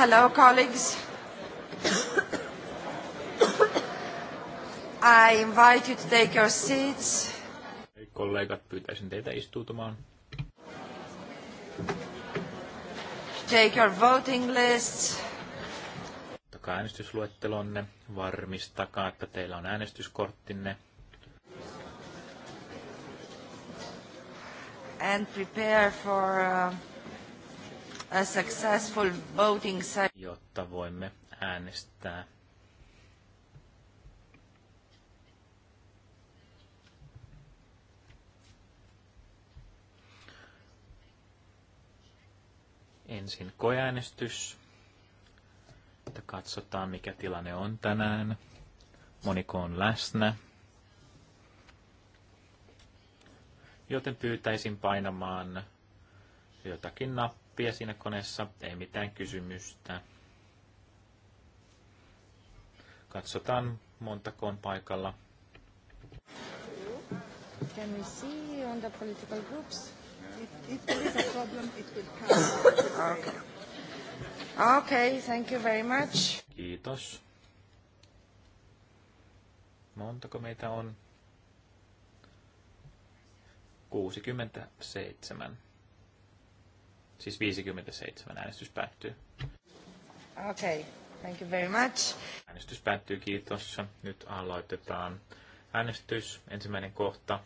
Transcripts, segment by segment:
Hello, colleagues. I invite you to take your seats. Kollegat, pyytäisin teitä istuutumaan. Take your voting lists. Ottakaa äänestysluettelonne. Varmistakaa, että teillä on äänestyskorttinne. And prepare for uh, a successful voting jotta voimme äänestää. Ensin koeäänestys, että katsotaan mikä tilanne on tänään. Moniko on läsnä. Joten pyytäisin painamaan jotakin nappia nappia siinä koneessa, ei mitään kysymystä. Katsotaan montako on paikalla. Can we see on the political groups? If, there is a problem, it will come. okay. okay, thank you very much. Kiitos. Montako meitä on? 67. Siis 57 äänestys päättyy. Okei, okay. thank you very much. Äänestys päättyy, kiitos. Nyt aloitetaan äänestys, ensimmäinen kohta.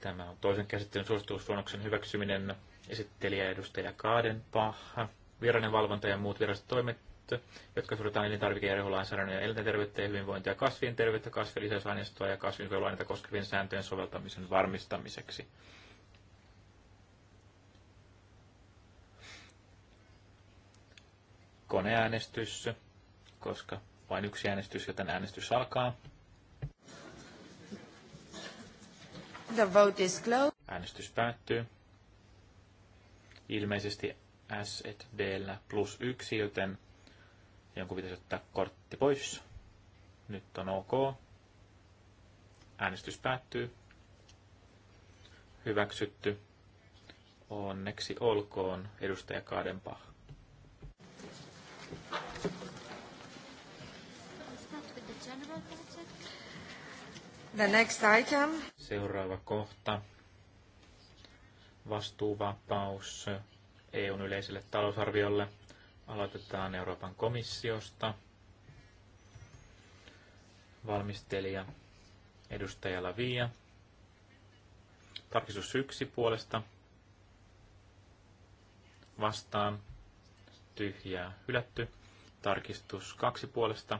Tämä on toisen käsittelyn suositusluonnoksen hyväksyminen esittelijä edustaja Kaadenpaha, virallinen valvonta ja muut viralliset toimet, jotka suoritetaan elintarvike- ja rehulainsäädännön ja eläinterveyttä ja hyvinvointia ja kasvien terveyttä, lisäysaineistoa ja kasvien koskevien sääntöjen soveltamisen varmistamiseksi. koneäänestys, koska vain yksi äänestys, joten äänestys alkaa. The vote is closed. Äänestys päättyy. Ilmeisesti S et D plus yksi, joten jonkun pitäisi ottaa kortti pois. Nyt on ok. Äänestys päättyy. Hyväksytty. Onneksi olkoon, edustaja Kaadenpah. The next item. Seuraava kohta. Vastuuvapaus EUn yleiselle talousarviolle. Aloitetaan Euroopan komissiosta. Valmistelija edustaja Lavia. Tarkistus yksi puolesta. Vastaan. Tyhjää hylätty. Tarkistus kaksi puolesta.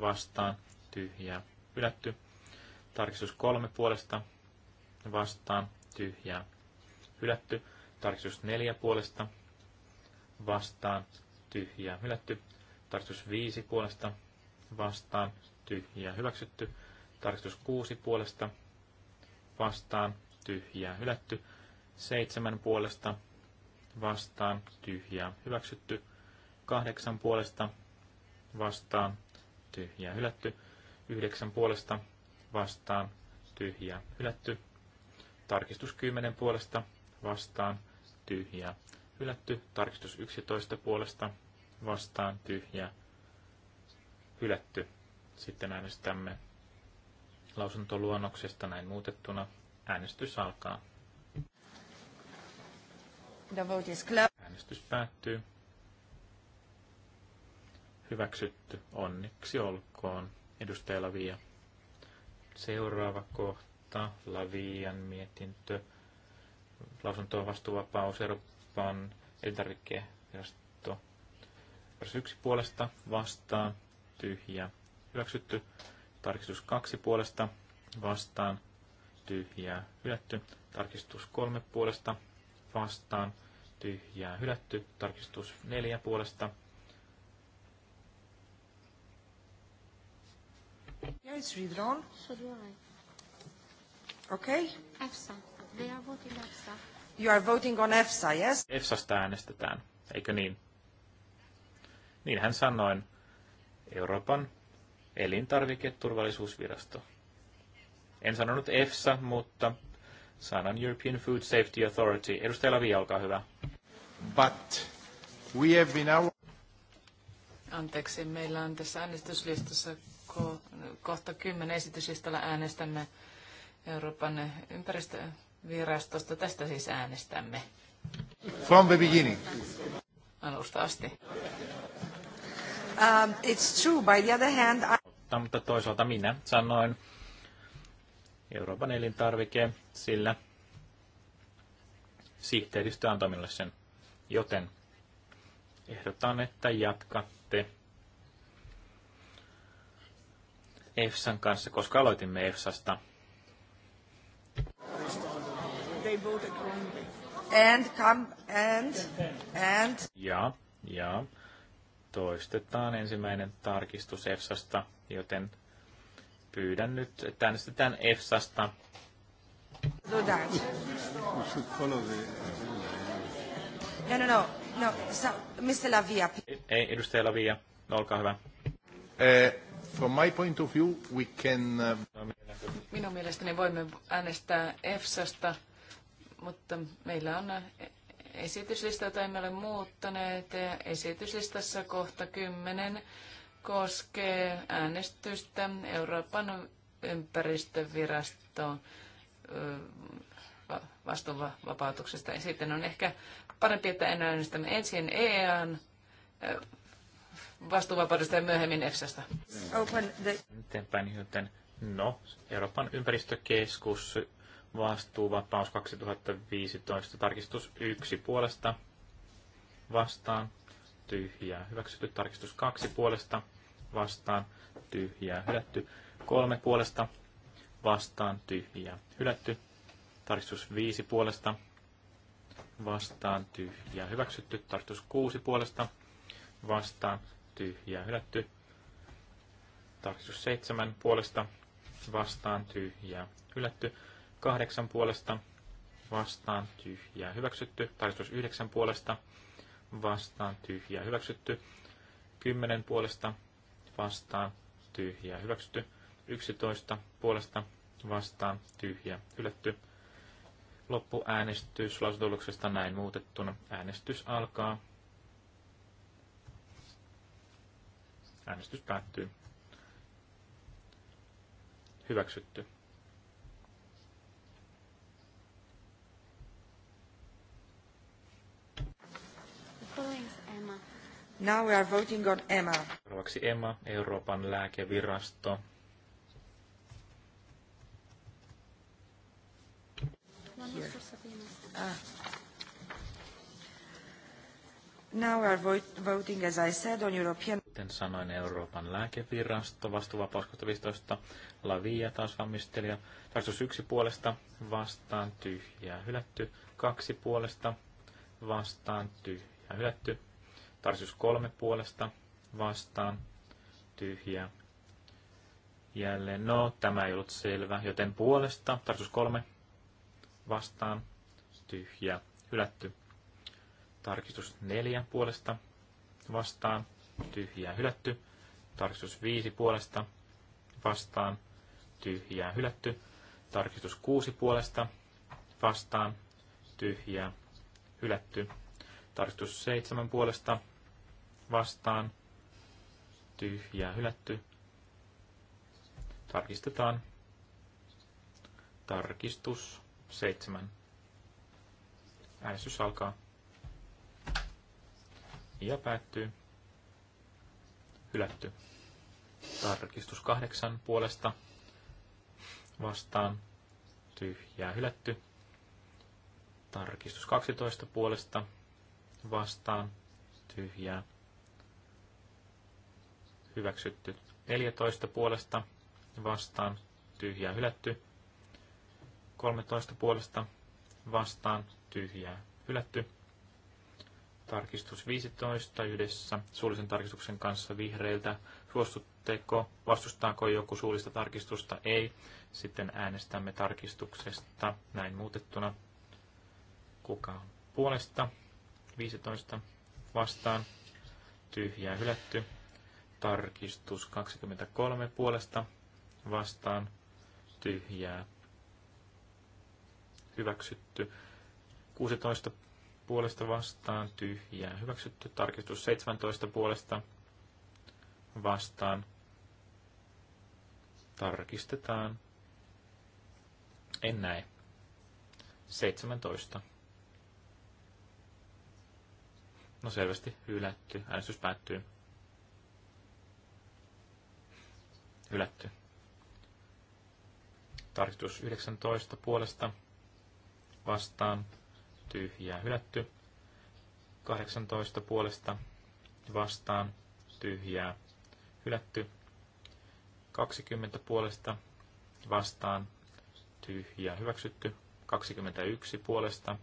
Vastaan tyhjää, hylätty. Tarkistus kolme puolesta vastaan, tyhjää, hylätty. Tarkistus neljä puolesta vastaan, tyhjää, hylätty. Tarkistus viisi puolesta vastaan, tyhjää, hyväksytty. Tarkistus kuusi puolesta vastaan, tyhjää, hylätty. Seitsemän puolesta vastaan, tyhjää, hyväksytty. Kahdeksan puolesta vastaan, tyhjää, hylätty yhdeksän puolesta vastaan tyhjää hylätty. Tarkistus 10 puolesta vastaan tyhjää hylätty. Tarkistus 11 puolesta vastaan tyhjää hylätty. Sitten äänestämme lausuntoluonnoksesta näin muutettuna. Äänestys alkaa. The vote is Äänestys päättyy. Hyväksytty. Onneksi olkoon edustaja Lavia. Seuraava kohta, Lavian mietintö. Lausunto on vastuuvapaus Euroopan elintarvikevirasto. Vers 1 puolesta vastaan, tyhjä, hyväksytty. Tarkistus kaksi puolesta vastaan, tyhjää, hylätty. Tarkistus kolme puolesta vastaan, tyhjää, hylätty. Tarkistus neljä puolesta it's withdrawn. So do I. Okay. EFSA. They are voting EFSA. You are voting on EFSA, yes? EFSAsta äänestetään, eikö niin? Niin hän sanoin. Euroopan elintarviketurvallisuusvirasto. En sanonut EFSA, mutta sanan European Food Safety Authority. Edustaja Lavi, olkaa hyvä. But we have been our... Anteeksi, meillä on tässä äänestyslistassa kohta kymmenen esityslistalla äänestämme Euroopan ympäristövirastosta. Tästä siis äänestämme. From the beginning. Alusta asti. Um, it's true, by the other hand... I... Mutta, mutta toisaalta minä sanoin Euroopan elintarvike, sillä sihteeristö antoi minulle sen. Joten ehdotan, että jatka EFSAn kanssa, koska aloitimme EFSAsta. And come and, and. Ja, ja. Toistetaan ensimmäinen tarkistus EFSAsta, joten pyydän nyt, että äänestetään EFSAsta. Do that. No, no, no. no. So, Mr. Lavia. Ei, edustaja Lavia, olkaa hyvä. Eh. From my point of view, we can... Uh, Minun mielestäni voimme äänestää EFSAsta, mutta meillä on esityslista, jota emme ole muuttaneet. Esityslistassa kohta 10 koskee äänestystä Euroopan ympäristöviraston vastuunvapautuksesta. Sitten on ehkä parempi, että äänestä ensin EAN vastuuvapaudesta ja myöhemmin EFSAsta. Eteenpäin, joten no, Euroopan ympäristökeskus vastuuvapaus 2015 tarkistus 1 puolesta vastaan tyhjää. Hyväksytty tarkistus 2 puolesta vastaan tyhjää. Hylätty 3 puolesta vastaan tyhjää. Hylätty tarkistus 5 puolesta vastaan tyhjää. Hyväksytty tarkistus 6 puolesta vastaan, tyhjää hylätty. Tarkistus 7 puolesta vastaan, tyhjää hylätty. 8 puolesta vastaan, tyhjää hyväksytty. Tarkistus 9 puolesta vastaan, tyhjää hyväksytty. 10 puolesta vastaan, tyhjää hyväksytty. 11 puolesta vastaan, tyhjää hylätty. Loppuäänestys lausutuloksesta näin muutettuna. Äänestys alkaa. Äänestys päättyy. Hyväksytty. Now we are voting on Emma. Seuraavaksi Emma Euroopan lääkevirasto. Here. Ah. Now we are voting, as I said, on European... Kuten sanoin, Euroopan lääkevirasto, vastuuvapaus 15, Lavia taas vammistelija. tarkistus yksi puolesta, vastaan tyhjää hylätty, kaksi puolesta, vastaan tyhjää hylätty, tarkistus kolme puolesta, vastaan tyhjää. Jälleen, no tämä ei ollut selvä, joten puolesta, tarkistus kolme, vastaan tyhjää hylätty Tarkistus 4 puolesta vastaan. Tyhjää hylätty. Tarkistus 5 puolesta vastaan. Tyhjää hylätty. Tarkistus 6 puolesta vastaan. Tyhjää hylätty. Tarkistus 7 puolesta vastaan. Tyhjää hylätty. Tarkistetaan. Tarkistus 7. Äänestys alkaa ja päättyy. Hylätty. Tarkistus kahdeksan puolesta vastaan. Tyhjää hylätty. Tarkistus 12 puolesta vastaan. Tyhjää. Hyväksytty. 14 puolesta vastaan. Tyhjää hylätty. 13 puolesta vastaan. Tyhjää hylätty. Tarkistus 15 yhdessä suullisen tarkistuksen kanssa vihreiltä. Suostutteko, vastustaako joku suullista tarkistusta? Ei. Sitten äänestämme tarkistuksesta näin muutettuna. Kuka on puolesta? 15 vastaan. Tyhjää hylätty. Tarkistus 23 puolesta vastaan. Tyhjää hyväksytty. 16 puolesta vastaan, tyhjää hyväksytty. Tarkistus 17 puolesta vastaan, tarkistetaan. En näe. 17. No selvästi hylätty. Äänestys päättyy. Hylätty. Tarkistus 19 puolesta vastaan tyhjää hylätty. 18 puolesta vastaan tyhjää hylätty. 20 puolesta vastaan tyhjää hyväksytty. 21 puolesta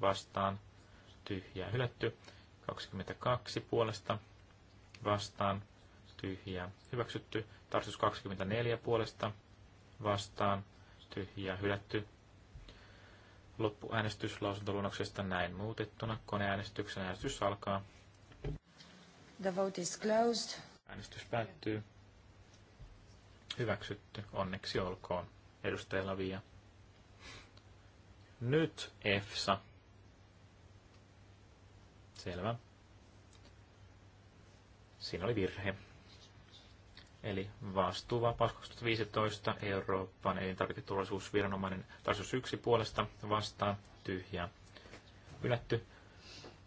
vastaan tyhjää hylätty. 22 puolesta vastaan tyhjää hyväksytty. Tarsus 24 puolesta vastaan tyhjää hylätty loppuäänestyslausuntoluonnoksesta näin muutettuna. Koneäänestyksen äänestys alkaa. The vote is closed. Äänestys päättyy. Hyväksytty. Onneksi olkoon. Edustaja Lavia. Nyt EFSA. Selvä. Siinä oli virhe. Eli vastuuvapaus 2015, Euroopan elintarviketurvallisuusviranomainen tasossa yksi puolesta vastaan, tyhjä, hylätty.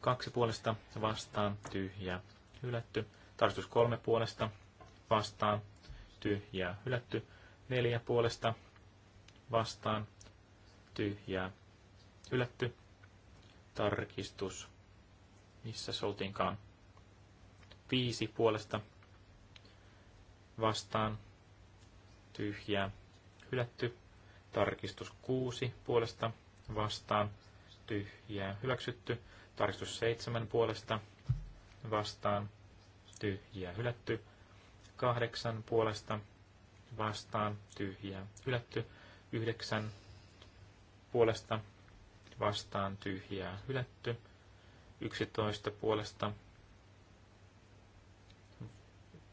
Kaksi puolesta vastaan, tyhjä, hylätty. Tarkistus kolme puolesta vastaan, tyhjä, hylätty. Neljä puolesta vastaan, tyhjää, hylätty. Tarkistus, missä se Viisi puolesta vastaan, tyhjää, hylätty. Tarkistus 6 puolesta vastaan, tyhjää, hyväksytty. Tarkistus 7 puolesta vastaan, tyhjää, hylätty. 8 puolesta vastaan, tyhjää, hylätty. 9 puolesta vastaan, tyhjää, hylätty. 11 puolesta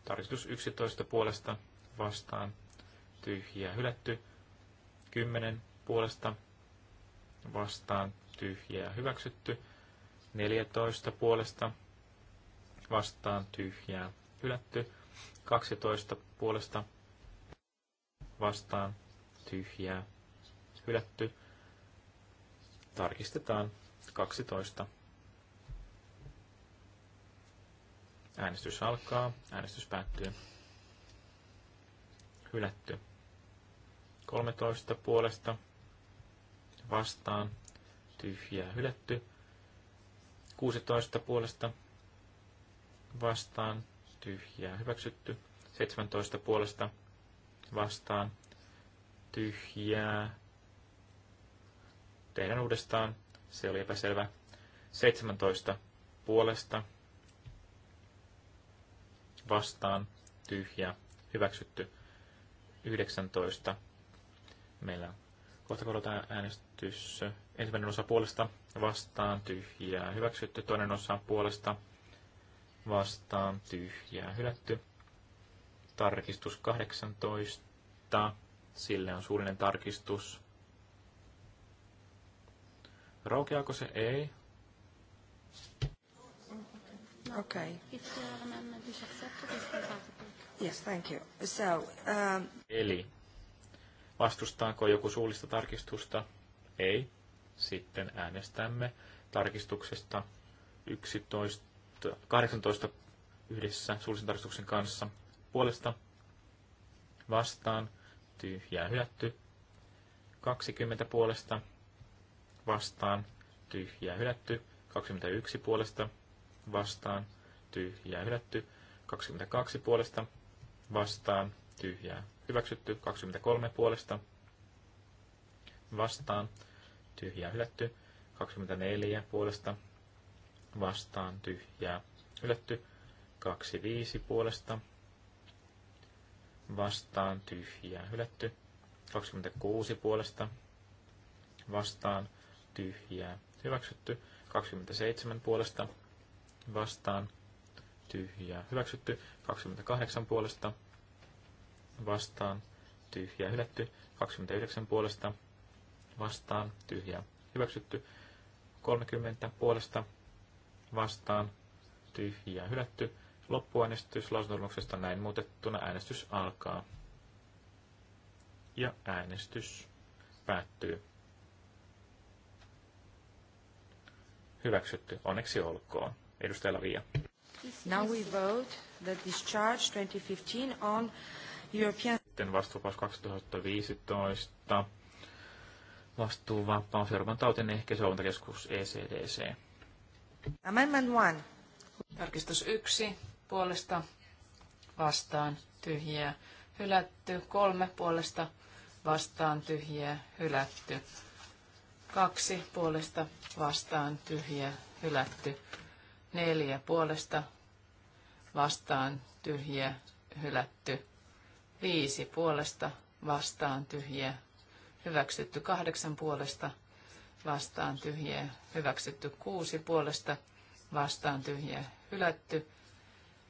Tarkistus 11 puolesta vastaan tyhjiä hylätty. 10 puolesta vastaan tyhjiä hyväksytty. 14 puolesta vastaan tyhjää hylätty. 12 puolesta vastaan tyhjää hylätty. Tarkistetaan 12. Äänestys alkaa. Äänestys päättyy. Hylätty. 13 puolesta vastaan. Tyhjää hylätty. 16 puolesta vastaan. Tyhjää hyväksytty. 17 puolesta vastaan. Tyhjää. Tehdään uudestaan. Se oli epäselvä. 17 puolesta vastaan, tyhjä, hyväksytty 19. Meillä kohta korotaan äänestys. Ensimmäinen osa puolesta vastaan, tyhjää, hyväksytty. Toinen osa puolesta vastaan, tyhjää, hylätty. Tarkistus 18. Sille on suullinen tarkistus. Raukeako se? Ei. Okay. Yes, thank you. So, um... Eli vastustaako joku suullista tarkistusta? Ei. Sitten äänestämme tarkistuksesta 11, 18 yhdessä suullisen tarkistuksen kanssa puolesta vastaan tyhjää hylätty. 20 puolesta vastaan tyhjää hylätty. 21 puolesta vastaan, tyhjää hylätty. 22 puolesta vastaan, tyhjää hyväksytty. 23 puolesta vastaan, tyhjää hylätty. 24 puolesta vastaan, tyhjää hylätty. 25 puolesta vastaan, tyhjää hylätty. 26 puolesta vastaan, tyhjää hyväksytty. 27 puolesta vastaan, tyhjää hyväksytty. 28 puolesta vastaan, tyhjää hylätty. 29 puolesta vastaan, tyhjää hyväksytty. 30 puolesta vastaan, tyhjää hylätty. Loppuäänestys lausunnonluonnoksesta näin muutettuna äänestys alkaa. Ja äänestys päättyy. Hyväksytty. Onneksi olkoon. Edustaja Lavia. Now we vote the discharge 2015 on European... Sitten vastuuvapaus 2015. Vastuuvapaus Euroopan tautien ehkäisyvalvontakeskus ECDC. Amendment 1. Tarkistus 1. Puolesta vastaan tyhjiä hylätty. Kolme Puolesta vastaan tyhjiä hylätty. Kaksi Puolesta vastaan tyhjiä hylätty. Neljä puolesta vastaan tyhjiä hylätty. Viisi puolesta vastaan tyhjiä hyväksytty. Kahdeksan puolesta vastaan tyhjiä hyväksytty. Kuusi puolesta vastaan tyhjiä hylätty.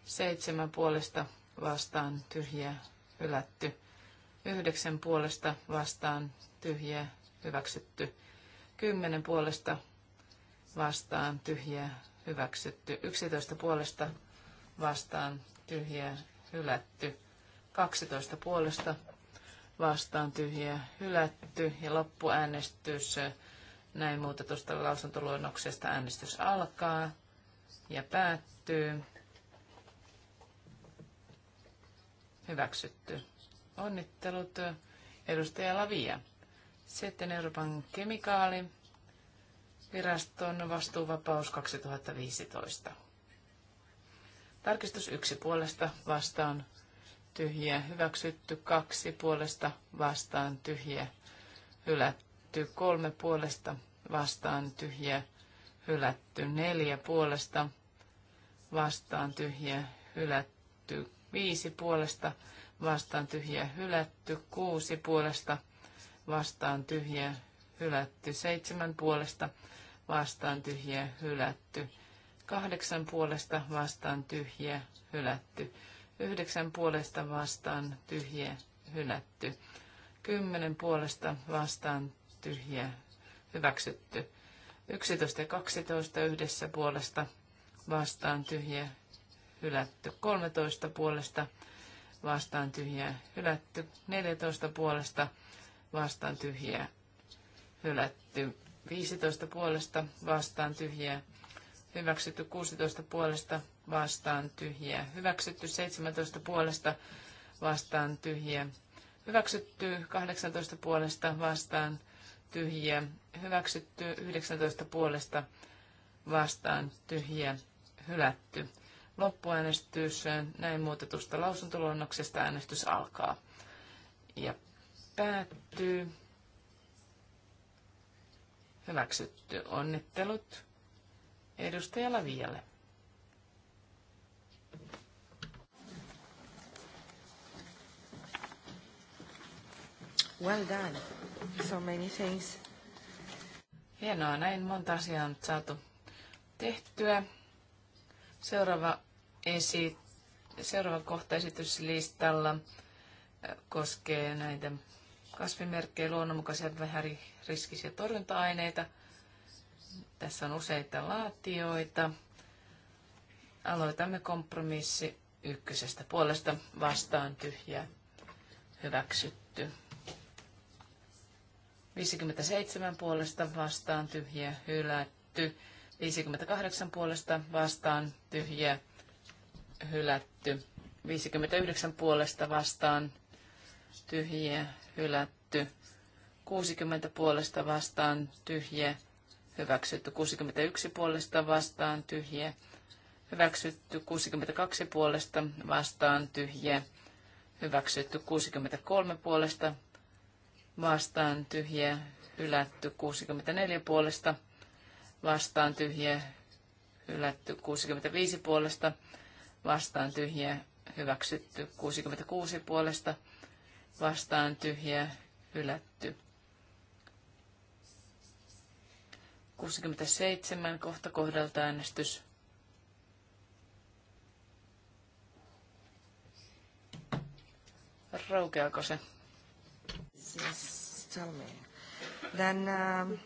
Seitsemän puolesta vastaan tyhjiä hylätty. Yhdeksän puolesta vastaan tyhjiä hyväksytty. Kymmenen puolesta vastaan tyhjiä hyväksytty. 11 puolesta vastaan tyhjä, hylätty. 12 puolesta vastaan tyhjä, hylätty. Ja loppuäänestys näin tuosta lausuntoluonnoksesta äänestys alkaa ja päättyy. Hyväksytty. Onnittelut edustaja Lavia. Sitten Euroopan kemikaali viraston vastuuvapaus 2015. Tarkistus yksi puolesta vastaan tyhjiä, hyväksytty kaksi puolesta vastaan tyhjiä, hylätty kolme puolesta vastaan tyhjiä, hylätty neljä puolesta vastaan tyhjiä, hylätty viisi puolesta vastaan tyhjiä, hylätty kuusi puolesta vastaan tyhjiä, hylätty seitsemän puolesta vastaan tyhjiä hylätty. Kahdeksan puolesta vastaan tyhjiä hylätty. Yhdeksän puolesta vastaan tyhjiä hylätty. Kymmenen puolesta vastaan tyhjiä hyväksytty. Yksitoista ja kaksitoista yhdessä puolesta vastaan tyhjiä hylätty. Kolmetoista puolesta vastaan tyhjiä hylätty. Neljätoista puolesta vastaan tyhjiä hylätty. 15 puolesta vastaan tyhjiä hyväksytty, 16 puolesta vastaan tyhjiä hyväksytty, 17 puolesta vastaan tyhjiä hyväksytty, 18 puolesta vastaan tyhjiä hyväksytty, 19 puolesta vastaan tyhjiä hylätty. Loppuäänestys näin muutetusta lausuntoluonnoksesta äänestys alkaa ja päättyy. Hyväksytty. Onnittelut edustaja Lavialle. Well done. So many things. Hienoa, näin monta asiaa on saatu tehtyä. Seuraava, esi- seuraava kohta esityslistalla äh, koskee näitä kasvimerkkejä, luonnonmukaisia vähäri riskisiä torjunta-aineita. Tässä on useita laatioita. Aloitamme kompromissi ykkösestä puolesta vastaan tyhjä hyväksytty. 57 puolesta vastaan tyhjä hylätty. 58 puolesta vastaan tyhjä hylätty. 59 puolesta vastaan tyhjä hylätty. 60 puolesta vastaan tyhjä, hyväksytty 61 puolesta vastaan tyhjä, hyväksytty 62 puolesta vastaan tyhjä, hyväksytty 63 puolesta vastaan tyhjä, hylätty 64 puolesta vastaan tyhjä, hylätty 65 puolesta vastaan tyhjä, hyväksytty 66 puolesta vastaan tyhjä, hylätty 67 kohta kohdalta äänestys. Raukeako se? Then uh,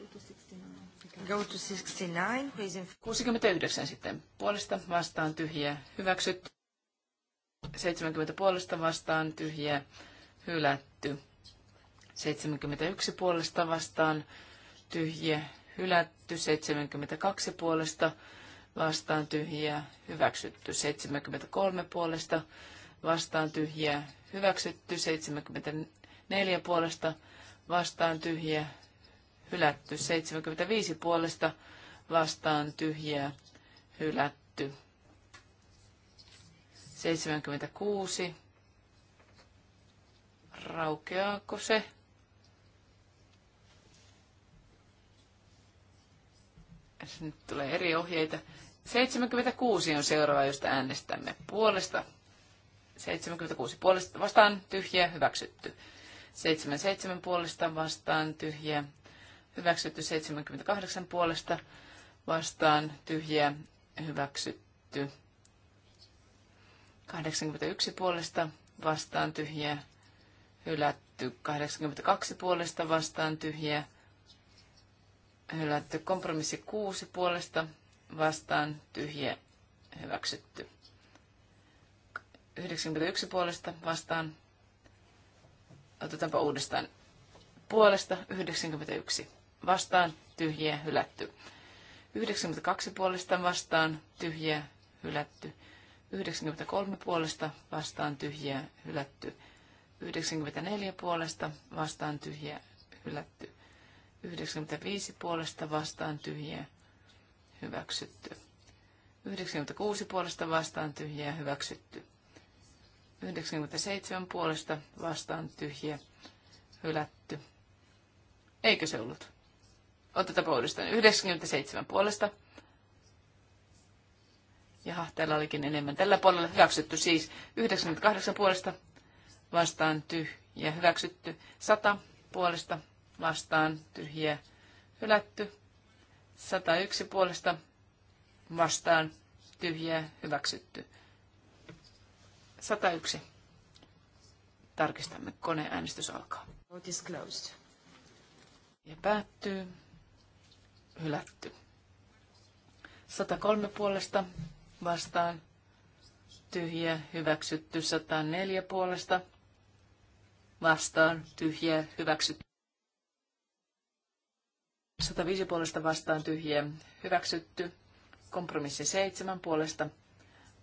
go to 69, 69 sitten. Puolesta vastaan tyhjä. hyväksyt 70 puolesta vastaan tyhjä. Hylätty. 71 puolesta vastaan tyhjä hylätty, 72 puolesta vastaan tyhjiä, hyväksytty 73 puolesta, vastaan tyhjiä, hyväksytty 74 puolesta, vastaan tyhjiä, hylätty 75 puolesta, vastaan tyhjiä, hylätty 76. Raukeaako se? Nyt tulee eri ohjeita. 76 on seuraava, josta äänestämme puolesta. 76 puolesta vastaan tyhjä, hyväksytty. 77 puolesta vastaan tyhjä, hyväksytty. 78 puolesta vastaan tyhjä, hyväksytty. 81 puolesta vastaan tyhjä, hylätty. 82 puolesta vastaan tyhjä, hylätty. Kompromissi kuusi puolesta vastaan tyhjä hyväksytty. 91 puolesta vastaan. Otetaanpa uudestaan. Puolesta 91 vastaan tyhjä hylätty. 92 puolesta vastaan tyhjä hylätty. 93 puolesta vastaan tyhjä hylätty. 94 puolesta vastaan tyhjä hylätty. 95 puolesta vastaan tyhjää hyväksytty. 96 puolesta vastaan tyhjää hyväksytty. 97 puolesta vastaan tyhjä hylätty. Eikö se ollut? Otetaanpa uudestaan. 97 puolesta. Jaha, täällä olikin enemmän. Tällä puolella hyväksytty siis 98 puolesta vastaan tyhjä hyväksytty. 100 puolesta vastaan tyhjiä hylätty. 101 puolesta vastaan tyhjiä hyväksytty. 101. Tarkistamme, koneäänestys alkaa. Vote is closed. Ja päättyy. Hylätty. 103 puolesta vastaan tyhjiä hyväksytty. 104 puolesta vastaan tyhjiä hyväksytty. 105 puolesta vastaan tyhjiä hyväksytty. Kompromissi 7 puolesta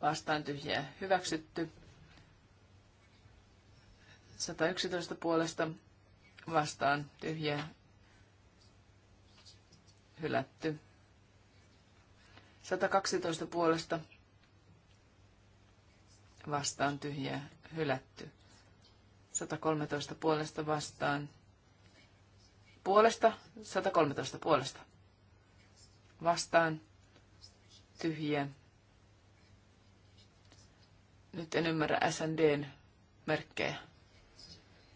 vastaan tyhjiä hyväksytty. 111 puolesta vastaan tyhjiä hylätty. 112 puolesta vastaan tyhjiä hylätty. 113 puolesta vastaan puolesta, 113 puolesta. Vastaan, tyhjiä. Nyt en ymmärrä SNDn merkkejä.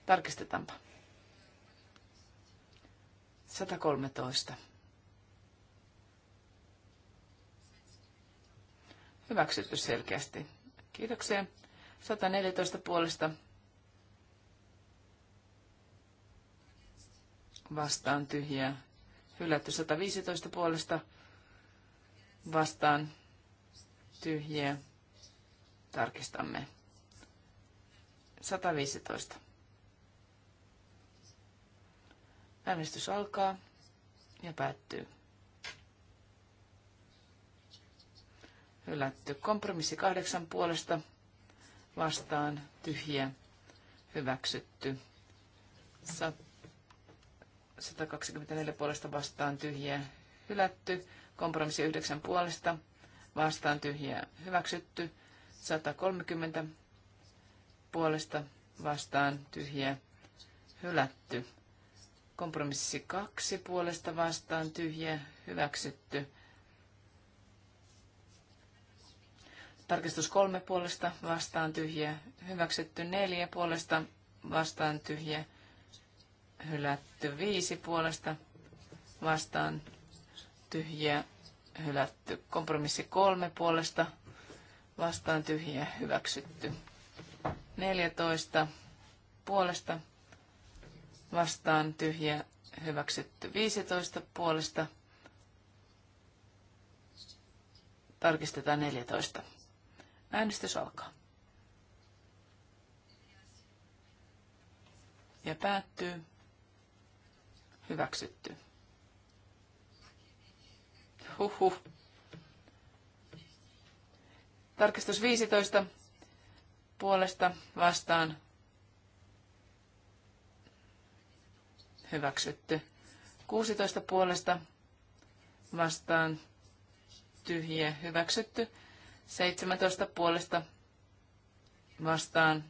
Tarkistetaanpa. 113. Hyväksytty selkeästi. Kiitoksia. 114 puolesta vastaan tyhjää. Hylätty 115 puolesta vastaan tyhjä, Tarkistamme. 115. Äänestys alkaa ja päättyy. Hylätty. Kompromissi kahdeksan puolesta vastaan tyhjä. Hyväksytty. 100. 124 puolesta vastaan tyhjiä hylätty. Kompromissi 9 puolesta vastaan tyhjiä hyväksytty. 130 puolesta vastaan tyhjiä hylätty. Kompromissi 2 puolesta vastaan tyhjiä hyväksytty. Tarkistus kolme puolesta vastaan tyhjä, hyväksytty neljä puolesta vastaan tyhjä, hylätty viisi puolesta vastaan tyhjiä, hylätty kompromissi kolme puolesta vastaan tyhjiä, hyväksytty 14 puolesta vastaan tyhjiä, hyväksytty 15 puolesta tarkistetaan 14. Äänestys alkaa. Ja päättyy. Hyväksytty. Huhhuh. Tarkistus 15 puolesta vastaan hyväksytty. 16 puolesta vastaan tyhjiä hyväksytty. 17 puolesta vastaan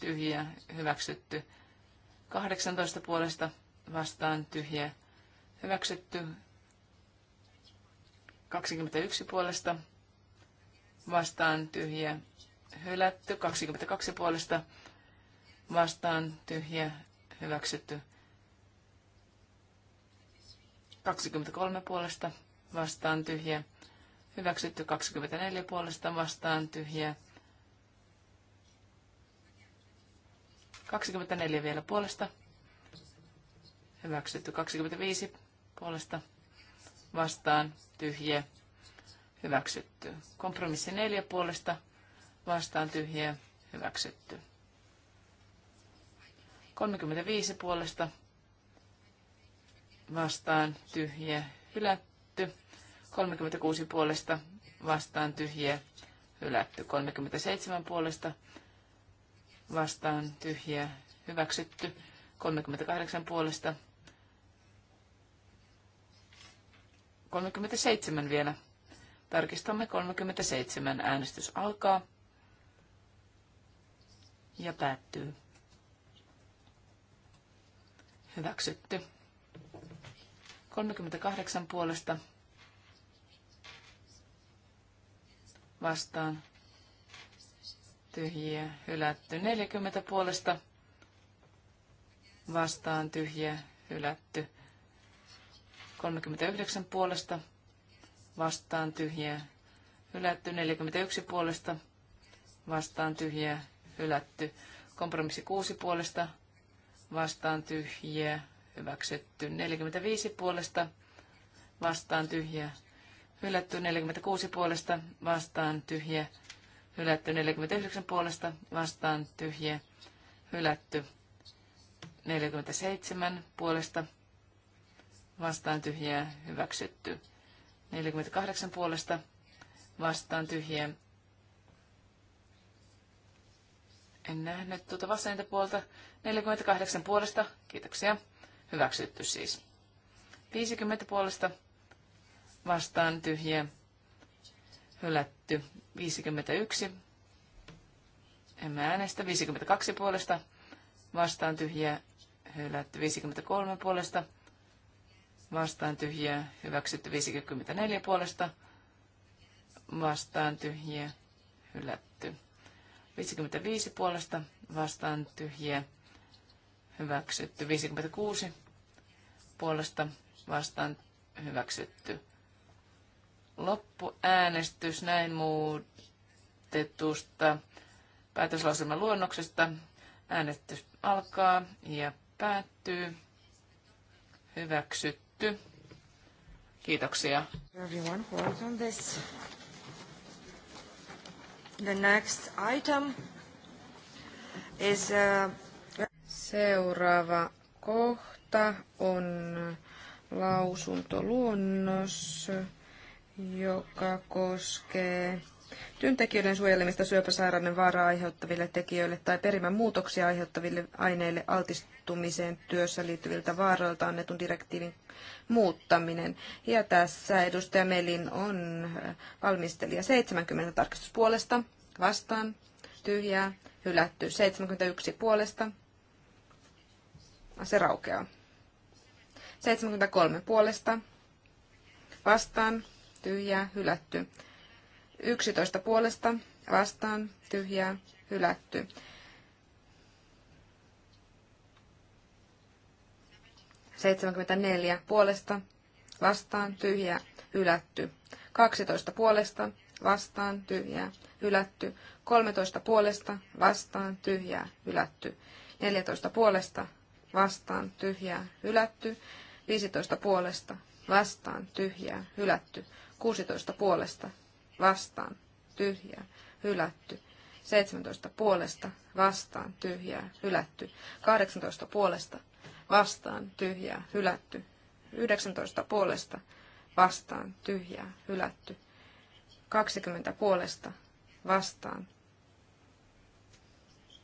tyhjiä hyväksytty. 18 puolesta vastaan tyhjä hyväksytty. 21 puolesta vastaan tyhjä hylätty. 22 puolesta vastaan tyhjä hyväksytty. 23 puolesta vastaan tyhjä hyväksytty. 24 puolesta vastaan tyhjä 24 vielä puolesta Hyväksytty 25 puolesta vastaan tyhjiä. Hyväksytty. Kompromissi 4 puolesta vastaan tyhjiä. Hyväksytty. 35 puolesta vastaan tyhjiä. Hylätty. 36 puolesta vastaan tyhjiä. Hylätty. 37 puolesta vastaan tyhjiä. Hyväksytty. 38 puolesta 37 vielä. Tarkistamme 37. Äänestys alkaa ja päättyy. Hyväksytty. 38 puolesta vastaan tyhjiä hylätty. 40 puolesta vastaan tyhjiä hylätty. 39 puolesta vastaan tyhjää hylätty. 41 puolesta vastaan tyhjää hylätty. Kompromissi 6 puolesta vastaan tyhjää hyväksytty. 45 puolesta vastaan tyhjää hylätty. 46 puolesta vastaan tyhjää hylätty. 49 puolesta vastaan tyhjää hylätty. 47 puolesta vastaan tyhjää hyväksytty. 48 puolesta vastaan tyhjää. En nähnyt tuota vasenta puolta. 48 puolesta, kiitoksia, hyväksytty siis. 50 puolesta vastaan tyhjää, hylätty. 51, en mä äänestä. 52 puolesta vastaan tyhjää, hylätty. 53 puolesta vastaan tyhjiä, hyväksytty 54 puolesta, vastaan tyhjiä, hylätty. 55 puolesta, vastaan tyhjiä, hyväksytty. 56 puolesta, vastaan hyväksytty. Loppuäänestys näin muutetusta päätöslauselman luonnoksesta. Äänestys alkaa ja päättyy. Hyväksytty tehty. Kiitoksia. Everyone this. The next item is, uh... Seuraava kohta on lausuntoluonnos, joka koskee työntekijöiden suojelemista syöpäsairauden vaaraa aiheuttaville tekijöille tai perimän muutoksia aiheuttaville aineille altistumiseen työssä liittyviltä vaaroilta annetun direktiivin muuttaminen. Ja tässä edustaja Melin on äh, valmistelija 70 tarkistuspuolesta vastaan, tyhjää, hylätty 71 puolesta, se raukeaa. 73 puolesta, vastaan, tyhjää, hylätty 11 puolesta vastaan tyhjää hylätty. Seitsemänkymmentäneljä puolesta vastaan tyhjää hylätty. 12 puolesta vastaan tyhjää hylätty. 13 puolesta vastaan tyhjää hylätty. 14 puolesta vastaan tyhjää hylätty. 15 puolesta vastaan tyhjää hylätty. 16 puolesta vastaan, tyhjää, hylätty. 17 puolesta, vastaan, tyhjää, hylätty. 18 puolesta, vastaan, tyhjää, hylätty. 19 puolesta, vastaan, tyhjää, hylätty. 20 puolesta, vastaan,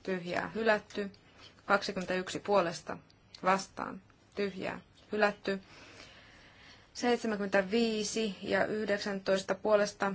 tyhjää, hylätty. 21 puolesta, vastaan, tyhjää, hylätty. 75 ja 19 puolesta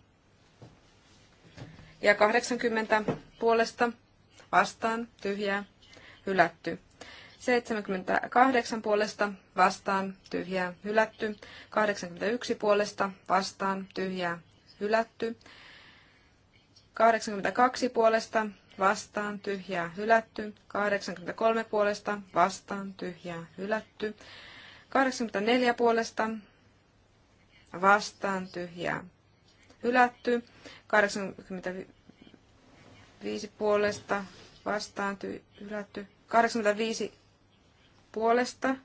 ja 80 puolesta vastaan tyhjää hylätty. 78 puolesta vastaan tyhjää hylätty. 81 puolesta vastaan tyhjää hylätty. 82 puolesta vastaan tyhjää hylätty. 83 puolesta vastaan tyhjää hylätty. 84 puolesta vastaan tyhjää hylätty. 85 puolesta vastaan ty hylätty. 85 puolesta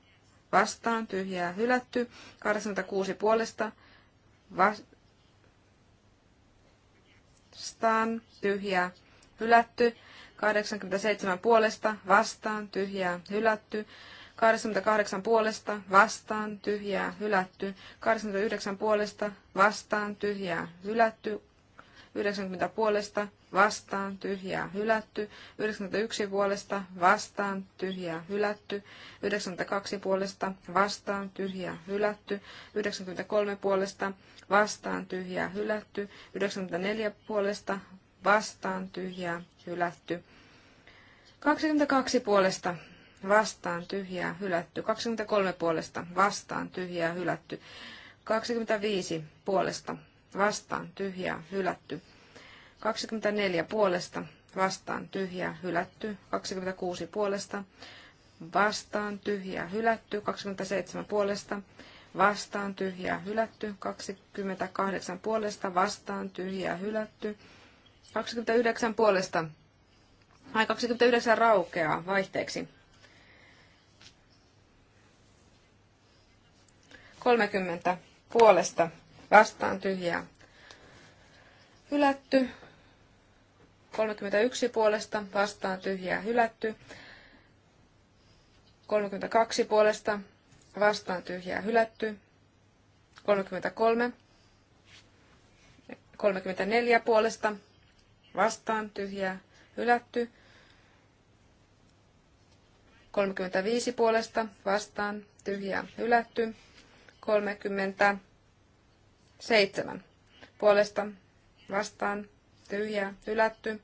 vastaan tyhjää hylätty. 86 puolesta vastaan tyhjää hylätty. 87 puolesta vastaan tyhjää hylätty. 88 puolesta vastaan tyhjää hylätty. 89 puolesta vastaan tyhjää hylätty. 90 puolesta vastaan tyhjää hylätty. 91 puolesta vastaan tyhjää hylätty. 92 puolesta vastaan tyhjää hylätty. 93 puolesta vastaan tyhjää hylätty. 94 puolesta vastaan tyhjää hylätty. 22 puolesta vastaan tyhjää hylätty. 23 puolesta vastaan tyhjää hylätty. 25 puolesta vastaan tyhjää hylätty. 24 puolesta vastaan tyhjää hylätty. 26 puolesta vastaan tyhjää hylätty. 27 puolesta vastaan tyhjää hylätty. 28 puolesta vastaan tyhjää hylätty. 29 puolesta. Ai 29 raukeaa vaihteeksi. 30 puolesta vastaan tyhjää. Hylätty. 31 puolesta vastaan tyhjää hylätty. 32 puolesta vastaan tyhjää hylätty. 33. 34 puolesta vastaan tyhjää hylätty. 35 puolesta vastaan tyhjää hylätty. 37 puolesta vastaan tyhjää hylätty.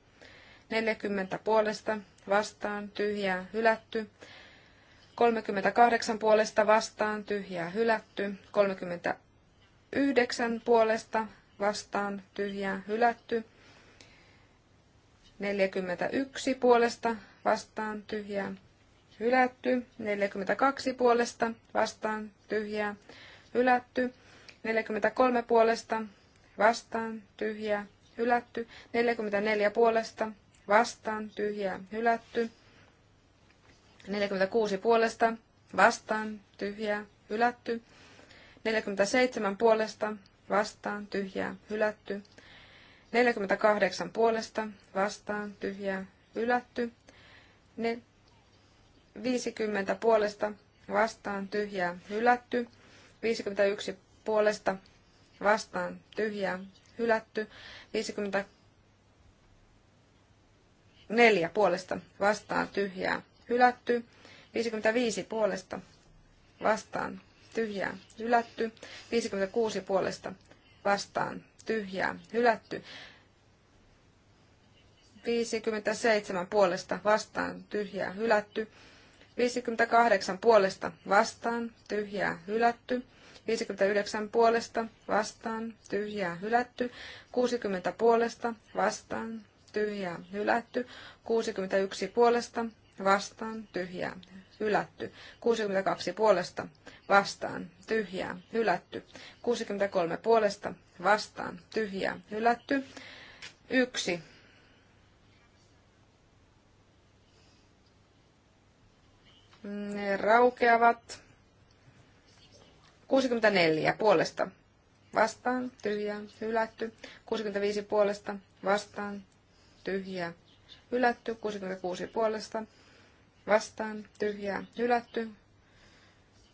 40 puolesta vastaan tyhjää hylätty. 38 puolesta vastaan tyhjää hylätty. 39 puolesta vastaan tyhjää hylätty. 41 puolesta vastaan tyhjää hylätty. 42 puolesta vastaan tyhjää hylätty. 43 puolesta vastaan tyhjä, hylätty. 44 puolesta vastaan tyhjä, hylätty. 46 puolesta vastaan tyhjä, hylätty. 47 puolesta vastaan tyhjä, hylätty. 48 puolesta vastaan tyhjä, hylätty. 50 puolesta vastaan tyhjä hylätty. 51 puolesta vastaan tyhjää hylätty. 54 puolesta vastaan tyhjää hylätty. 55 puolesta vastaan tyhjää hylätty. 56 puolesta vastaan tyhjää hylätty. 57 puolesta vastaan tyhjää hylätty. 58 puolesta vastaan, tyhjää hylätty. 59 puolesta vastaan, tyhjää hylätty. 60 puolesta vastaan, tyhjää hylätty. 61 puolesta vastaan, tyhjää hylätty. 62 puolesta vastaan, tyhjää hylätty. 63 puolesta vastaan, tyhjää hylätty. 1 Ne raukeavat. 64 puolesta vastaan, tyhjää, hylätty. 65 puolesta vastaan, tyhjää, hylätty. 66 puolesta vastaan, tyhjää, hylätty.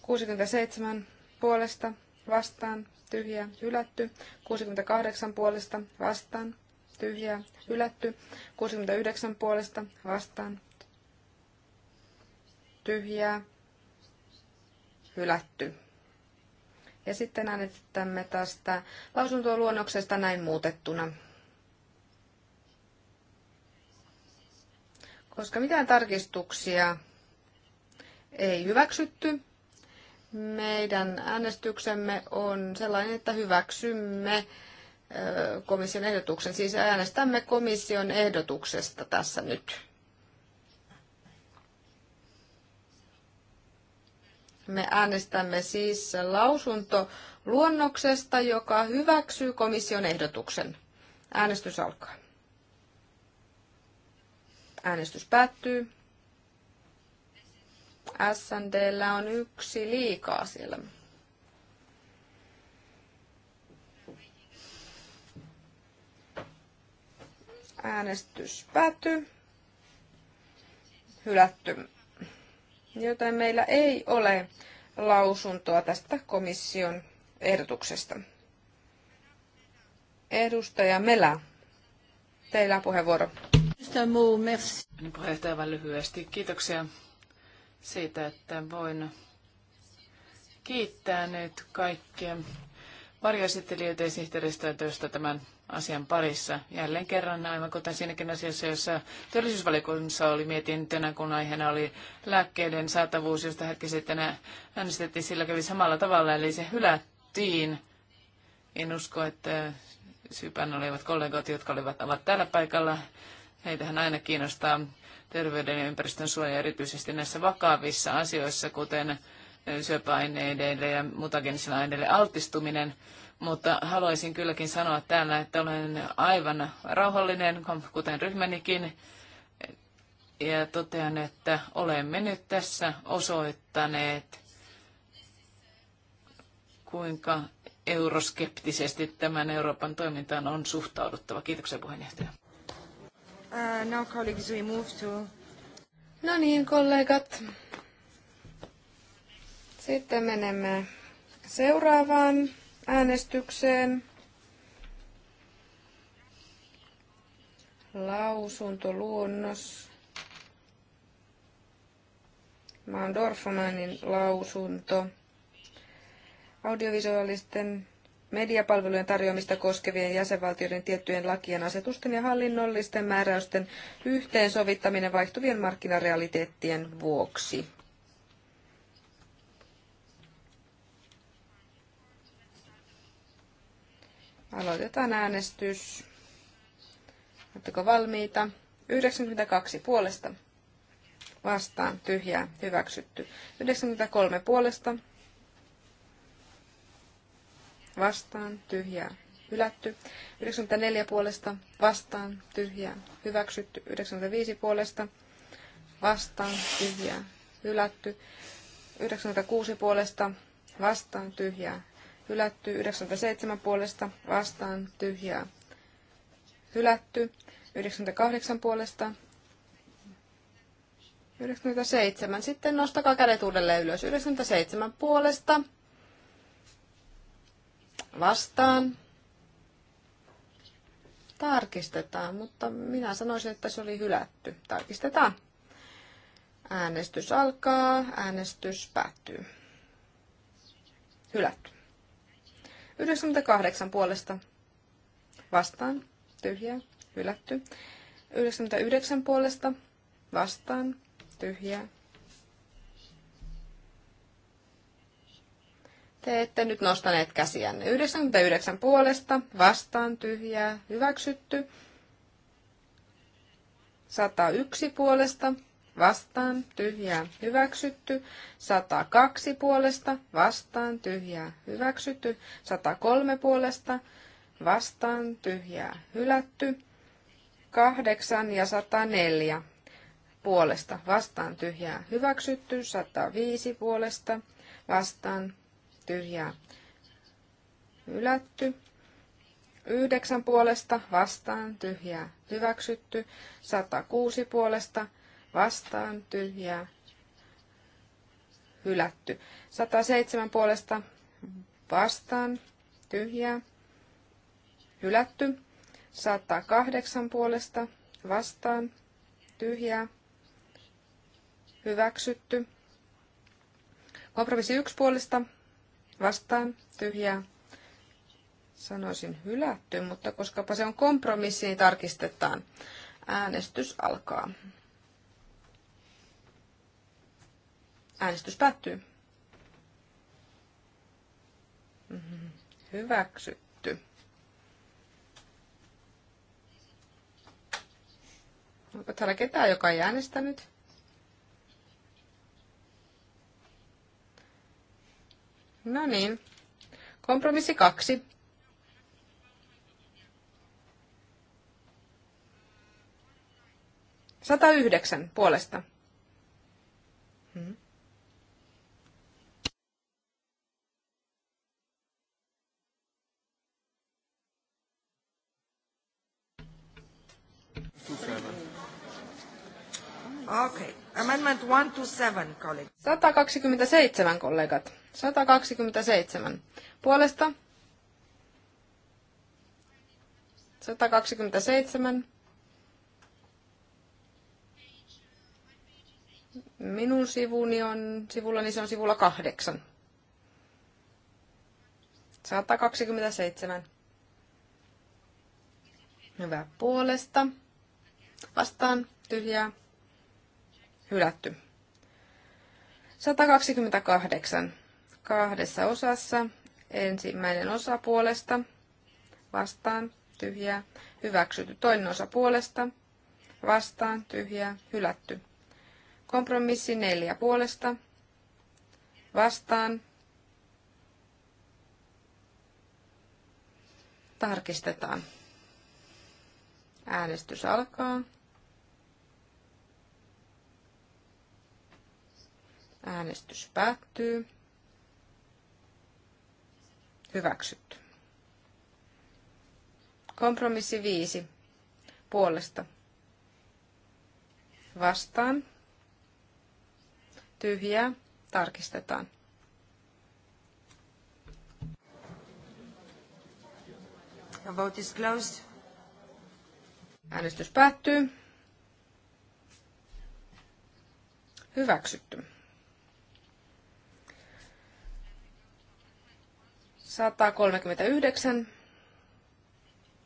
67 puolesta vastaan, tyhjää, hylätty. 68 puolesta vastaan, tyhjää, hylätty. 69 puolesta vastaan, tyhjää, hylätty. Ja sitten äänestämme tästä lausuntoluonnoksesta näin muutettuna. Koska mitään tarkistuksia ei hyväksytty, meidän äänestyksemme on sellainen, että hyväksymme komission ehdotuksen. Siis äänestämme komission ehdotuksesta tässä nyt. Me äänestämme siis lausunto luonnoksesta, joka hyväksyy komission ehdotuksen. Äänestys alkaa. Äänestys päättyy. SNDllä on yksi liikaa siellä. Äänestys päättyy. Hylätty joten meillä ei ole lausuntoa tästä komission ehdotuksesta. Edustaja Melä, teillä on puheenvuoro. Puheenjohtaja aivan lyhyesti. Kiitoksia siitä, että voin kiittää nyt kaikkia varjoesittelijöitä ja sihteeristöä työstä tämän asian parissa. Jälleen kerran, aivan kuten siinäkin asiassa, jossa työllisyysvaliokunnassa oli mietintönä, kun aiheena oli lääkkeiden saatavuus, josta hetki sitten äänestettiin, sillä kävi samalla tavalla, eli se hylättiin. En usko, että syypään olivat kollegat, jotka olivat, ovat täällä paikalla. Heitähän aina kiinnostaa terveyden ja ympäristön suoja erityisesti näissä vakavissa asioissa, kuten syöpäaineiden ja mutagenisilla aineille altistuminen mutta haluaisin kylläkin sanoa täällä, että olen aivan rauhallinen, kuten ryhmänikin, ja totean, että olemme nyt tässä osoittaneet, kuinka euroskeptisesti tämän Euroopan toimintaan on suhtauduttava. Kiitoksia puheenjohtaja. Uh, now colleagues, we move to... No niin, kollegat. Sitten menemme seuraavaan äänestykseen. Lausuntoluonnos. oon Dorfmanin lausunto. Audiovisuaalisten mediapalvelujen tarjoamista koskevien jäsenvaltioiden tiettyjen lakien, asetusten ja hallinnollisten määräysten yhteensovittaminen vaihtuvien markkinarealiteettien vuoksi. Aloitetaan äänestys. Oletteko valmiita? 92 puolesta. Vastaan. Tyhjää. Hyväksytty. 93 puolesta. Vastaan. Tyhjää. Hylätty. 94 puolesta. Vastaan. Tyhjää. Hyväksytty. 95 puolesta. Vastaan. Tyhjää. Hylätty. 96 puolesta. Vastaan. Tyhjää hylätty, 97 puolesta vastaan tyhjää hylätty, 98 puolesta 97. Sitten nostakaa kädet uudelleen ylös. 97 puolesta vastaan. Tarkistetaan, mutta minä sanoisin, että se oli hylätty. Tarkistetaan. Äänestys alkaa, äänestys päättyy. Hylätty. 98 puolesta vastaan, tyhjä, hylätty. 99 puolesta vastaan, tyhjä Te ette nyt nostaneet käsiänne. 99 puolesta vastaan, tyhjää, hyväksytty. 101 puolesta vastaan, tyhjää, hyväksytty. 102 puolesta, vastaan, tyhjää, hyväksytty. 103 puolesta, vastaan, tyhjää, hylätty. 8 ja 104 puolesta, vastaan, tyhjää, hyväksytty. 105 puolesta, vastaan, tyhjää, hylätty. Yhdeksän puolesta vastaan tyhjää hyväksytty, 106 puolesta vastaan tyhjää hylätty. 107 puolesta vastaan tyhjää hylätty. 108 puolesta vastaan tyhjää hyväksytty. Kompromissi 1 puolesta vastaan tyhjää sanoisin hylätty, mutta koskapa se on kompromissi, niin tarkistetaan. Äänestys alkaa. Äänestys päättyy. Mhm, hyväksytty. Onko täällä ketään, joka ei äänestänyt? No niin. Kompromissi kaksi. Sata yhdeksän puolesta. Amendment 127, 127, kollegat. 127. Puolesta. 127. Minun sivuni on, niin se on sivulla kahdeksan. 127. Hyvä puolesta vastaan tyhjää hylätty. 128 kahdessa osassa. Ensimmäinen osa puolesta vastaan tyhjää hyväksytty. Toinen osa puolesta vastaan tyhjää hylätty. Kompromissi neljä puolesta vastaan tarkistetaan. Äänestys alkaa. Äänestys päättyy. Hyväksytty. Kompromissi 5. Puolesta. Vastaan. Tyhjää. Tarkistetaan. The vote is closed. Äänestys päättyy. Hyväksytty. 139.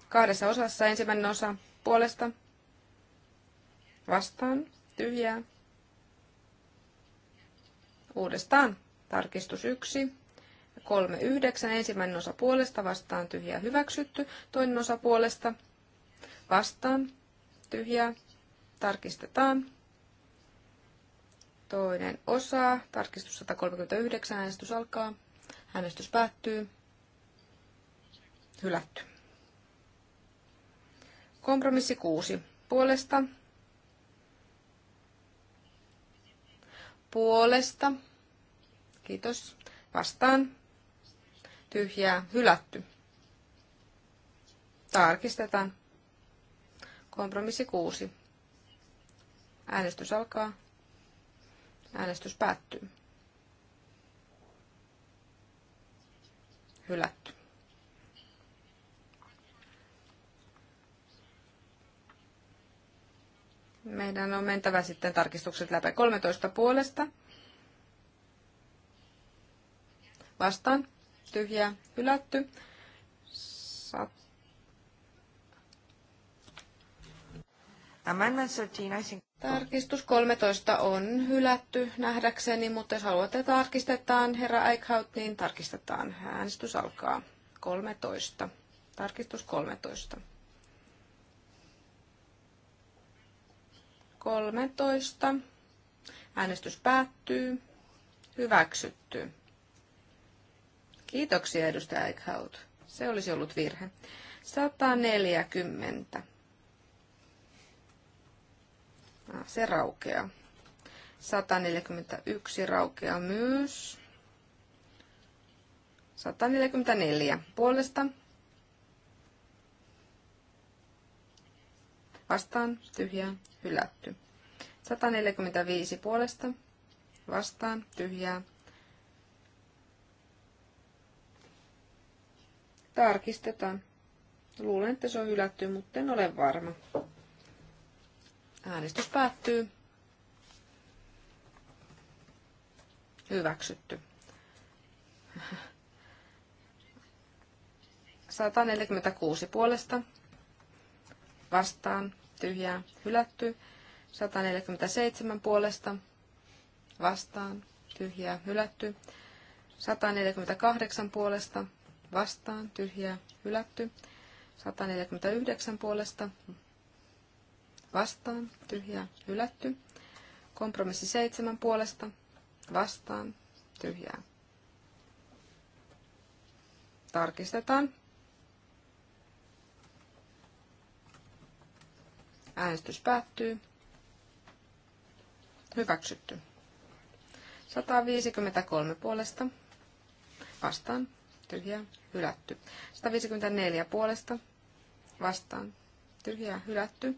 Kahdessa osassa ensimmäinen osa puolesta. Vastaan. Tyhjää. Uudestaan. Tarkistus 1. 3.9. Ensimmäinen osa puolesta vastaan tyhjää hyväksytty. Toinen osa puolesta vastaan, tyhjää, tarkistetaan. Toinen osa, tarkistus 139, äänestys alkaa, äänestys päättyy, hylätty. Kompromissi 6, puolesta, puolesta, kiitos, vastaan, tyhjää, hylätty. Tarkistetaan. Kompromissi 6. Äänestys alkaa. Äänestys päättyy. Hylätty. Meidän on mentävä sitten tarkistukset läpi 13 puolesta. Vastaan. Tyhjää. Hylätty. 100. Tarkistus 13 on hylätty nähdäkseni, mutta jos haluatte tarkistetaan, herra Eichhout, niin tarkistetaan. Äänestys alkaa. 13. Tarkistus 13. 13. Äänestys päättyy. Hyväksytty. Kiitoksia, edustaja Eichhout. Se olisi ollut virhe. 140 Ah, se raukeaa. 141 raukeaa myös. 144 puolesta. Vastaan tyhjää hylätty. 145 puolesta. Vastaan tyhjää. Tarkistetaan. Luulen, että se on hylätty, mutta en ole varma. Äänestys päättyy. Hyväksytty. 146 puolesta. Vastaan. Tyhjää. Hylätty. 147 puolesta. Vastaan. Tyhjää. Hylätty. 148 puolesta. Vastaan. Tyhjää. Hylätty. 149 puolesta vastaan, tyhjää, hylätty. Kompromissi seitsemän puolesta, vastaan, tyhjää. Tarkistetaan. Äänestys päättyy. Hyväksytty. 153 puolesta. Vastaan. Tyhjää. Hylätty. 154 puolesta. Vastaan. Tyhjää. Hylätty.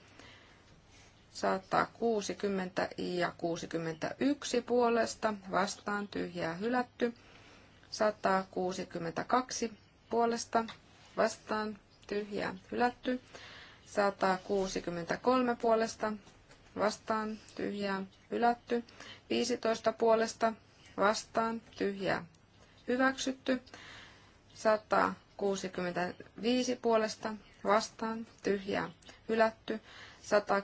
160 ja 61 puolesta vastaan tyhjää hylätty. 162 puolesta vastaan tyhjää hylätty. 163 puolesta vastaan tyhjää hylätty. 15 puolesta vastaan tyhjää hyväksytty. 165 puolesta vastaan tyhjää hylätty. 100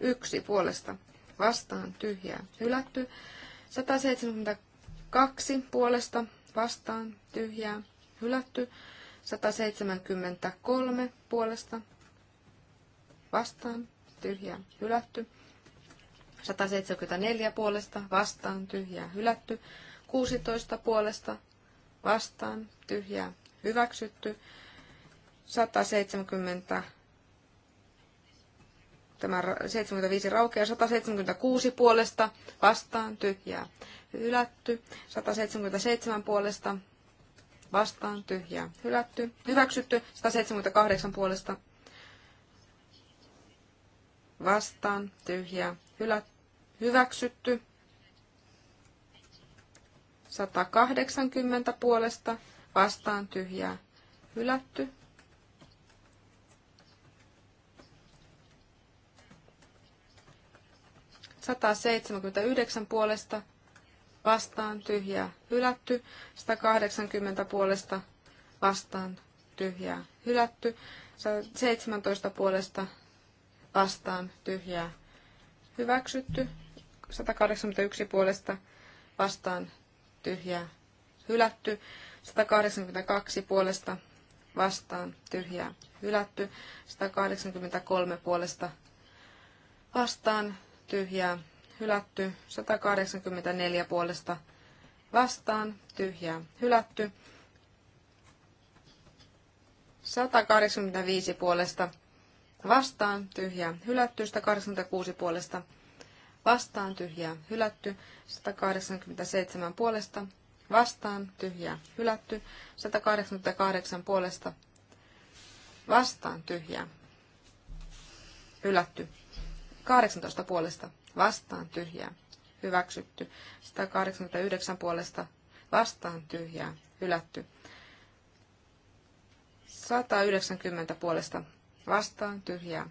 1 puolesta vastaan tyhjää hylätty. 172 puolesta vastaan tyhjää hylätty. 173 puolesta vastaan tyhjää hylätty. 174 puolesta vastaan tyhjää hylätty. 16 puolesta vastaan tyhjää hyväksytty. 170 Tämä 75 raukeaa 176 puolesta vastaan tyhjää hylätty. 177 puolesta vastaan tyhjää hylätty. Hyväksytty 178 puolesta vastaan tyhjää hylätty, hyväksytty. 180 puolesta vastaan tyhjää hylätty. 179 puolesta vastaan tyhjää hylätty. 180 puolesta vastaan tyhjää hylätty. 17 puolesta vastaan tyhjää hyväksytty. 181 puolesta vastaan tyhjää hylätty. 182 puolesta vastaan tyhjää hylätty. 183 puolesta vastaan tyhjää, hylätty. 184 puolesta vastaan, tyhjää, hylätty. 185 puolesta vastaan, tyhjää, hylätty. 186 puolesta vastaan, tyhjää, hylätty. 187 puolesta vastaan, tyhjää, hylätty. 188 puolesta vastaan, tyhjää, hylätty. 118 puolesta vastaan tyhjää, hyväksytty. 189 puolesta vastaan tyhjää, hylätty. 190 puolesta vastaan tyhjää,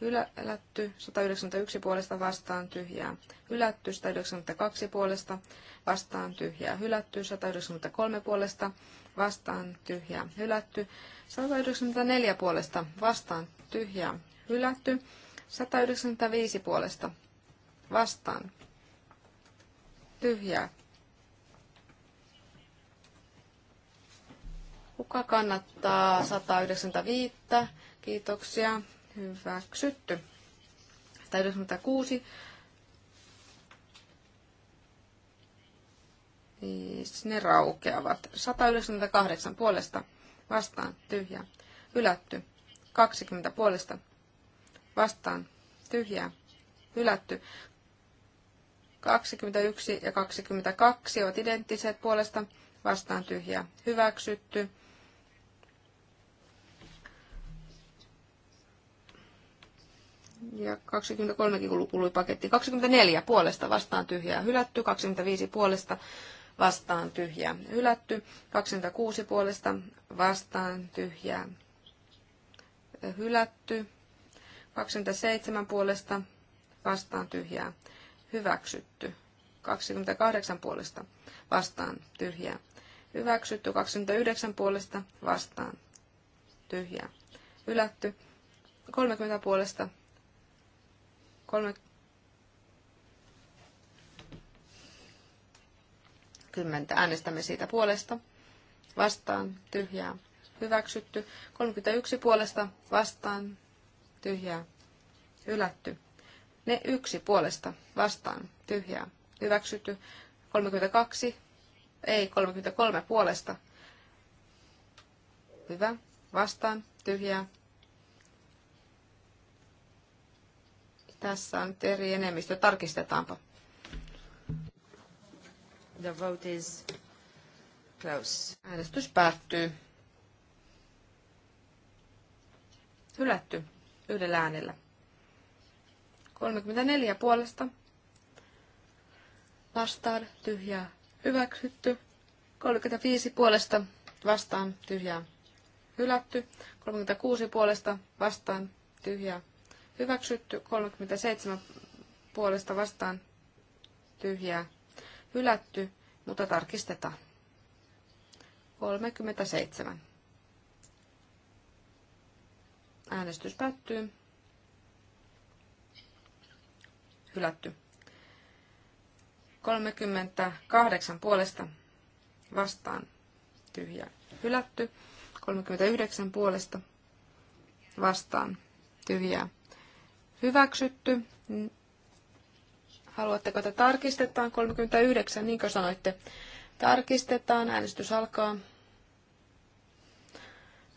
hylätty. 191 puolesta vastaan tyhjää, hylätty. 192 puolesta vastaan tyhjää, hylätty. 193 puolesta vastaan tyhjää, hylätty. 194 puolesta vastaan tyhjää, hylätty. 195 puolesta. Vastaan. Tyhjää. Kuka kannattaa 195? Kiitoksia. Hyväksytty. 196. 5. Siis ne raukeavat. 198 puolesta vastaan tyhjä. Ylätty. 20 puolesta vastaan tyhjää hylätty. 21 ja 22 ovat identtiset puolesta vastaan tyhjää hyväksytty. Ja 23 kului paketti. 24 puolesta vastaan tyhjää hylätty. 25 puolesta vastaan tyhjää hylätty. 26 puolesta vastaan tyhjää hylätty. 27 puolesta vastaan tyhjää hyväksytty. 28 puolesta vastaan tyhjää hyväksytty. 29 puolesta vastaan tyhjää ylätty 30 puolesta 30 äänestämme siitä puolesta vastaan tyhjää hyväksytty. 31 puolesta vastaan tyhjää, hylätty. Ne yksi puolesta vastaan, tyhjää, hyväksytty. 32, ei 33 puolesta. Hyvä, vastaan, tyhjää. Tässä on nyt eri enemmistö, tarkistetaanpa. The vote is close. Äänestys päättyy. Hylätty yhdellä äänellä. 34 puolesta. Vastaan tyhjää hyväksytty. 35 puolesta vastaan tyhjää hylätty. 36 puolesta vastaan tyhjää hyväksytty. 37 puolesta vastaan tyhjää hylätty, mutta tarkistetaan. 37. Äänestys päättyy. Hylätty. 38 puolesta vastaan tyhjä hylätty. 39 puolesta vastaan tyhjää hyväksytty. Haluatteko, että tarkistetaan 39, niin kuin sanoitte? Tarkistetaan, äänestys alkaa.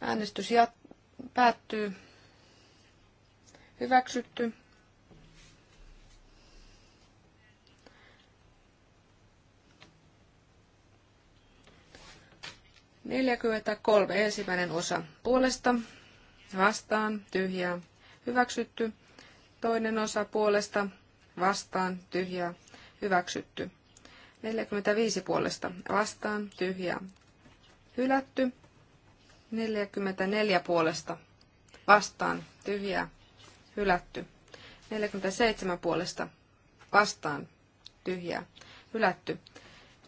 Äänestys jat- päättyy hyväksytty. kolme ensimmäinen osa puolesta, vastaan, tyhjää, hyväksytty. Toinen osa puolesta, vastaan, tyhjää, hyväksytty. 45 puolesta, vastaan, tyhjää, hylätty. 44 puolesta, vastaan, tyhjää, hylätty. 47 puolesta vastaan tyhjää, hylätty.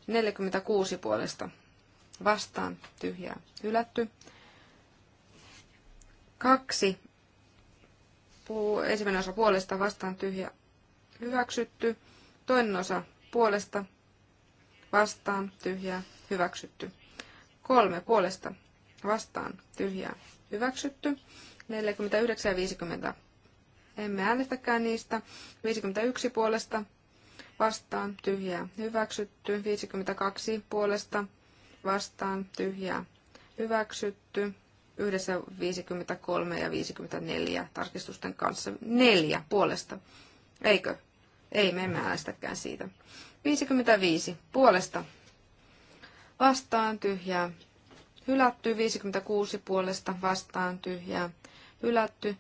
46 puolesta vastaan tyhjää, hylätty. Kaksi puu, ensimmäinen osa puolesta vastaan tyhjä, hyväksytty. Toinen osa puolesta vastaan tyhjää, hyväksytty. Kolme puolesta vastaan tyhjää, hyväksytty. 49 ja 50 emme äänestäkään niistä. 51 puolesta vastaan tyhjää hyväksytty. 52 puolesta vastaan tyhjää hyväksytty. Yhdessä 53 ja 54 tarkistusten kanssa. Neljä puolesta. Eikö? Ei, me emme äänestäkään siitä. 55 puolesta vastaan tyhjää. Hylätty 56 puolesta vastaan tyhjää. Hylätty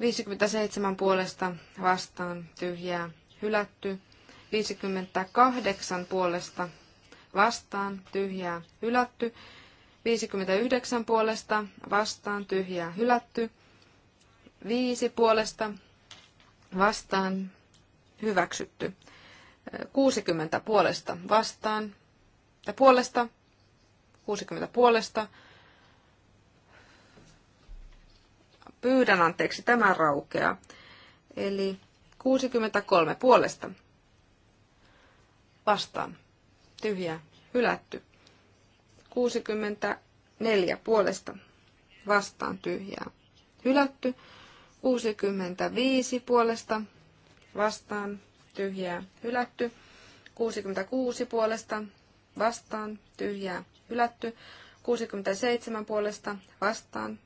57 puolesta vastaan tyhjää hylätty. 58 puolesta vastaan tyhjää hylätty. 59 puolesta vastaan tyhjää hylätty. 5 puolesta vastaan hyväksytty. 60 puolesta vastaan. Ja puolesta 60 puolesta pyydän anteeksi, tämä raukeaa. Eli 63 puolesta. Vastaan. Tyhjä. Hylätty. 64 puolesta. Vastaan tyhjää. Hylätty. 65 puolesta. Vastaan tyhjää. Hylätty. 66 puolesta. Vastaan tyhjää. Hylätty. 67 puolesta. Vastaan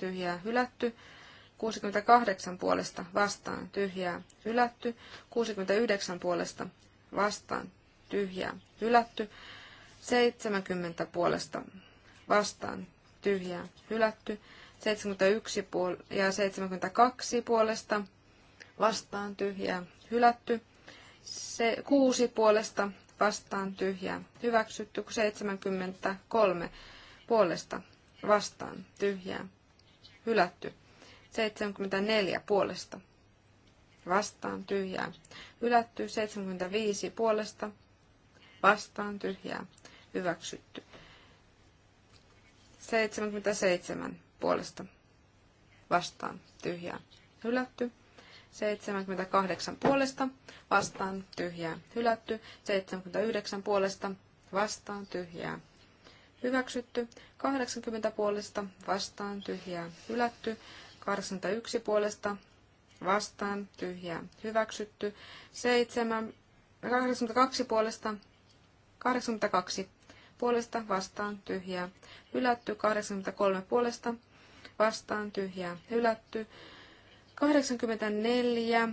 tyhjää hylätty. 68 puolesta vastaan tyhjää hylätty. 69 puolesta vastaan tyhjää hylätty. 70 puolesta vastaan tyhjää hylätty. 71 puol- ja 72 puolesta vastaan tyhjää hylätty. Se, 6 puolesta vastaan tyhjää hyväksytty. 73 puolesta vastaan tyhjää hylätty. 74 puolesta vastaan tyhjää, hylätty. 75 puolesta vastaan tyhjää, hyväksytty. 77 puolesta vastaan tyhjää, hylätty. 78 puolesta, vastaan tyhjää, hylätty. 79 puolesta, vastaan tyhjää, hyväksytty, 80 puolesta vastaan tyhjää hylätty, 81 puolesta vastaan tyhjää hyväksytty, 7, 82 puolesta 82 puolesta vastaan tyhjää hylätty, 83 puolesta vastaan tyhjää hylätty, 84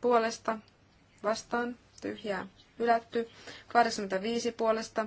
puolesta vastaan tyhjää hylätty, 85 puolesta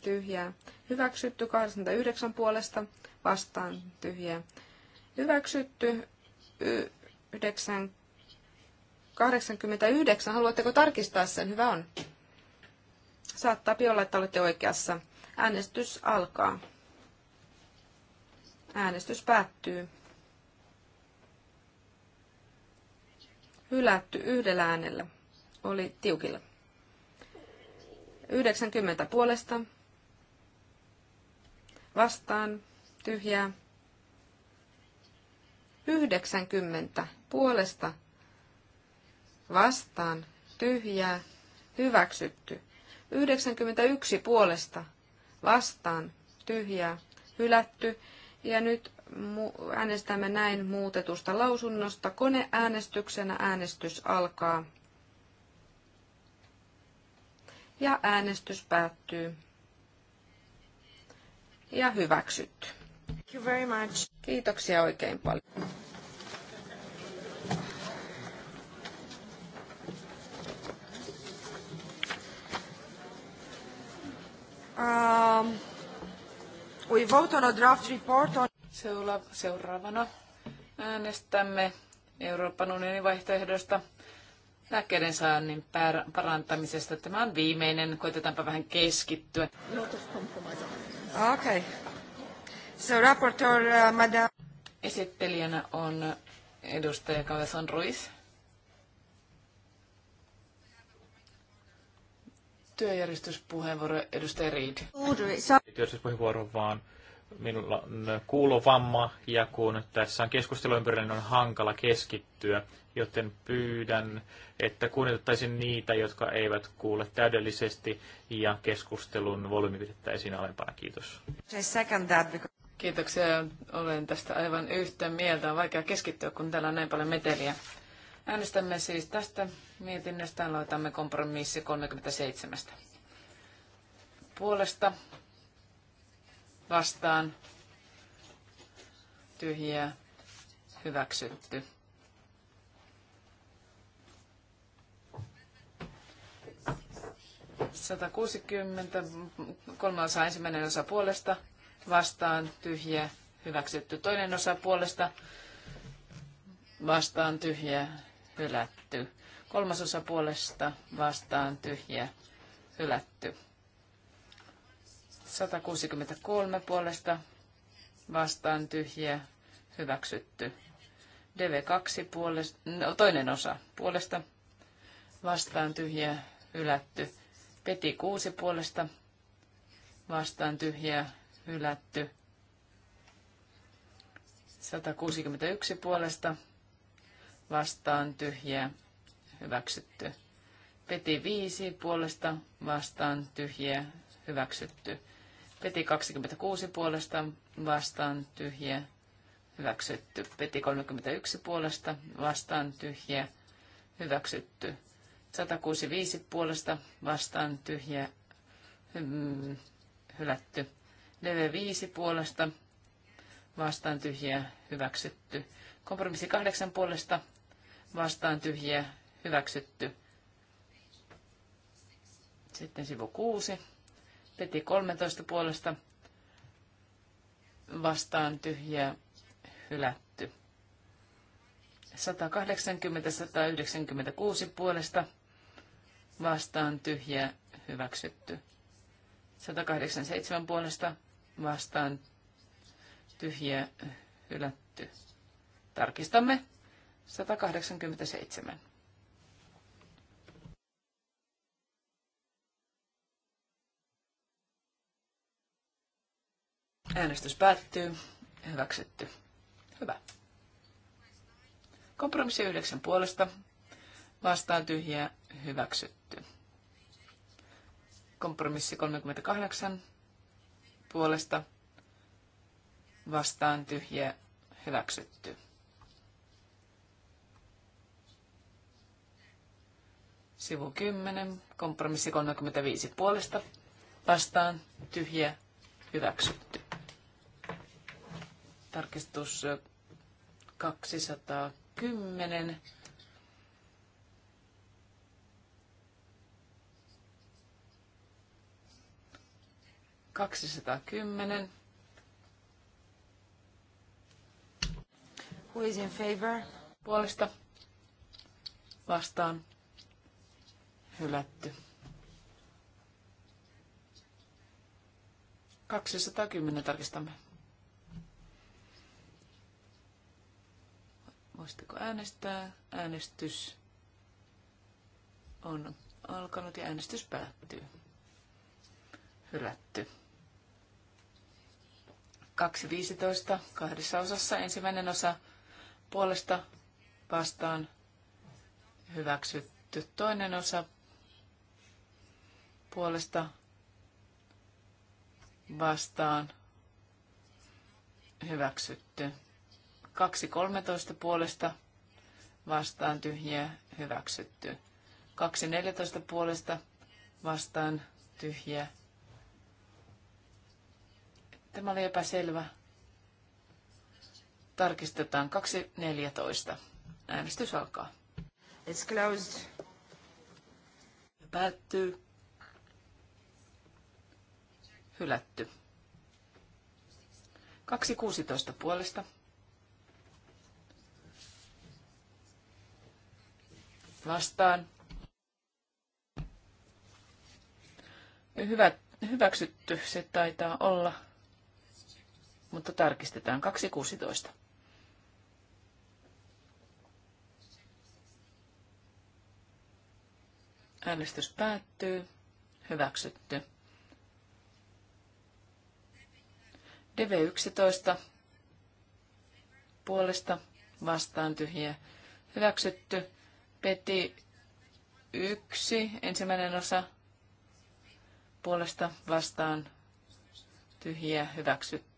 tyhjää. Hyväksytty 89 puolesta vastaan tyhjää. Hyväksytty 9, 89. Haluatteko tarkistaa sen? Hyvä on. Saattaa olla, että olette oikeassa. Äänestys alkaa. Äänestys päättyy. Hylätty yhdellä äänellä. Oli tiukilla. 90 puolesta vastaan tyhjää. 90 puolesta vastaan tyhjää hyväksytty. 91 puolesta vastaan tyhjää hylätty. Ja nyt äänestämme näin muutetusta lausunnosta. Koneäänestyksenä äänestys alkaa. Ja äänestys päättyy ja hyväksytty. Thank you very much. Kiitoksia oikein paljon. Um, we vote on a draft report on... Seula- seuraavana äänestämme Euroopan unionin vaihtoehdosta lääkkeiden saannin parantamisesta. Tämä on viimeinen, koitetaanpa vähän keskittyä. Lot compromise. Okay. So rapporteur, uh, madame... Esittelijänä on edustaja Cabezon Ruiz. Työjärjestyspuheenvuoro edustaja Reid. Työjärjestyspuheenvuoro vaan minulla on kuulovamma ja kun tässä on keskustelu ympärillä, niin on hankala keskittyä joten pyydän, että kuunnetettaisiin niitä, jotka eivät kuule täydellisesti ja keskustelun volyymi pidettäisiin alempana. Kiitos. Kiitoksia. Olen tästä aivan yhtä mieltä. On vaikea keskittyä, kun täällä on näin paljon meteliä. Äänestämme siis tästä mietinnöstä. Aloitamme kompromissi 37. Puolesta vastaan tyhjiä hyväksytty. 160, kolmas osa ensimmäinen osa puolesta, vastaan tyhjä, hyväksytty. Toinen osa puolesta, vastaan tyhjä, hylätty. Kolmas osa puolesta, vastaan tyhjä, hylätty. 163 puolesta, vastaan tyhjä, hyväksytty. DV2 puolesta, no, toinen osa puolesta, vastaan tyhjä, hylätty. Peti kuusi puolesta vastaan tyhjää hylätty. 161 puolesta vastaan tyhjää hyväksytty. Peti 5 puolesta vastaan tyhjää hyväksytty. Peti 26 puolesta vastaan tyhjä, hyväksytty. Peti 31 puolesta vastaan tyhjä, hyväksytty. 165 puolesta vastaan tyhjä hmm, hylätty. Leve 5 puolesta vastaan tyhjä hyväksytty. Kompromissi 8 puolesta vastaan tyhjä hyväksytty. Sitten sivu 6. Peti 13 puolesta vastaan tyhjä hylätty. 180-196 puolesta vastaan tyhjä hyväksytty. 187 puolesta vastaan tyhjä hylätty. Tarkistamme 187. Äänestys päättyy. Hyväksytty. Hyvä. Kompromissi 9 puolesta. Vastaan tyhjää hyväksytty. Kompromissi 38 puolesta vastaan tyhjä hyväksytty. Sivu 10, kompromissi 35 puolesta vastaan tyhjä hyväksytty. Tarkistus 210 210. Who is in favor? Puolesta vastaan hylätty. 210 tarkistamme. Muistiko äänestää? Äänestys on alkanut ja äänestys päättyy. Hylätty. 2.15 kahdessa osassa. Ensimmäinen osa puolesta vastaan hyväksytty. Toinen osa puolesta vastaan hyväksytty. 2.13 puolesta vastaan tyhjiä hyväksytty. 2.14 puolesta vastaan tyhjiä Tämä oli epäselvä. Tarkistetaan 2.14. Äänestys alkaa. It's closed. Päättyy. Hylätty. 2.16 puolesta. Vastaan. Hyvä, hyväksytty se taitaa olla mutta tarkistetaan 216. Äänestys päättyy. Hyväksytty. DV11 puolesta vastaan tyhjiä. Hyväksytty. Peti 1, ensimmäinen osa puolesta vastaan tyhjiä hyväksytty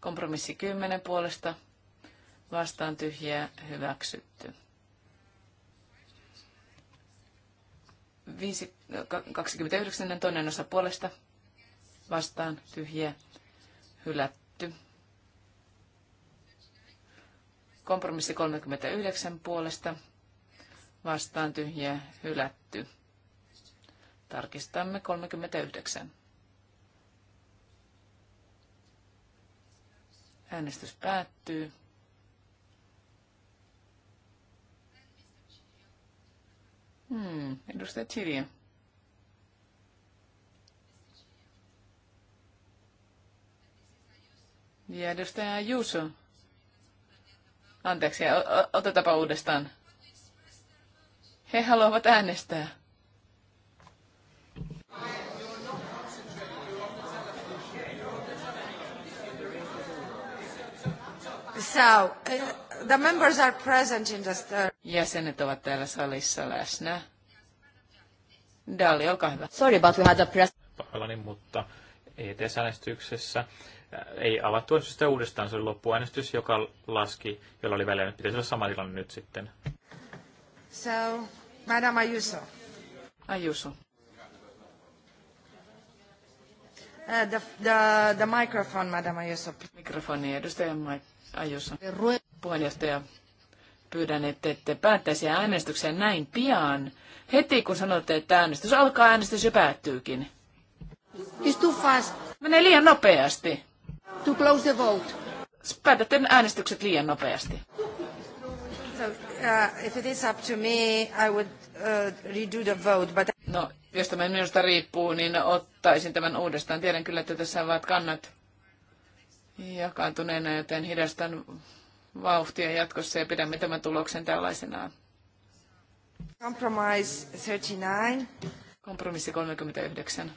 Kompromissi 10 puolesta vastaan tyhjää hyväksytty. 5, 29 toinen osa puolesta vastaan tyhjä hylätty. Kompromissi 39 puolesta vastaan tyhjä hylätty. Tarkistamme 39. Äänestys päättyy. Hmm, edustaja Chiriä. Ja edustaja Juuso. Anteeksi, otetaanpa uudestaan. He haluavat äänestää. So, uh, the members are present in the... Jäsenet ovat täällä salissa läsnä. Dali, olkaa hyvä. Sorry, but we had a press... Pahoillani, mutta ETS-äänestyksessä äh, ei avattu sitä uudestaan. Se oli loppuäänestys, joka laski, jolla oli väliä. Nyt pitäisi olla sama tilanne nyt sitten. So, Madame Ayuso. Ayuso. Uh, the, the, the microphone, Madame Ayuso. Mikrofoni, edustaja Mike ajoissa. Puheenjohtaja, pyydän, että ette päättäisi äänestykseen näin pian. Heti kun sanotte, että äänestys alkaa, äänestys jo päättyykin. It's too fast. Menee liian nopeasti. To close the vote. Päätätte äänestykset liian nopeasti. So, uh, if it is up to me, I would uh, redo the vote, but... No, jos tämä minusta riippuu, niin ottaisin tämän uudestaan. Tiedän kyllä, että tässä ovat kannat jakaantuneena, joten hidastan vauhtia jatkossa ja pidämme tämän tuloksen tällaisenaan. Compromise 39. Kompromissi 39.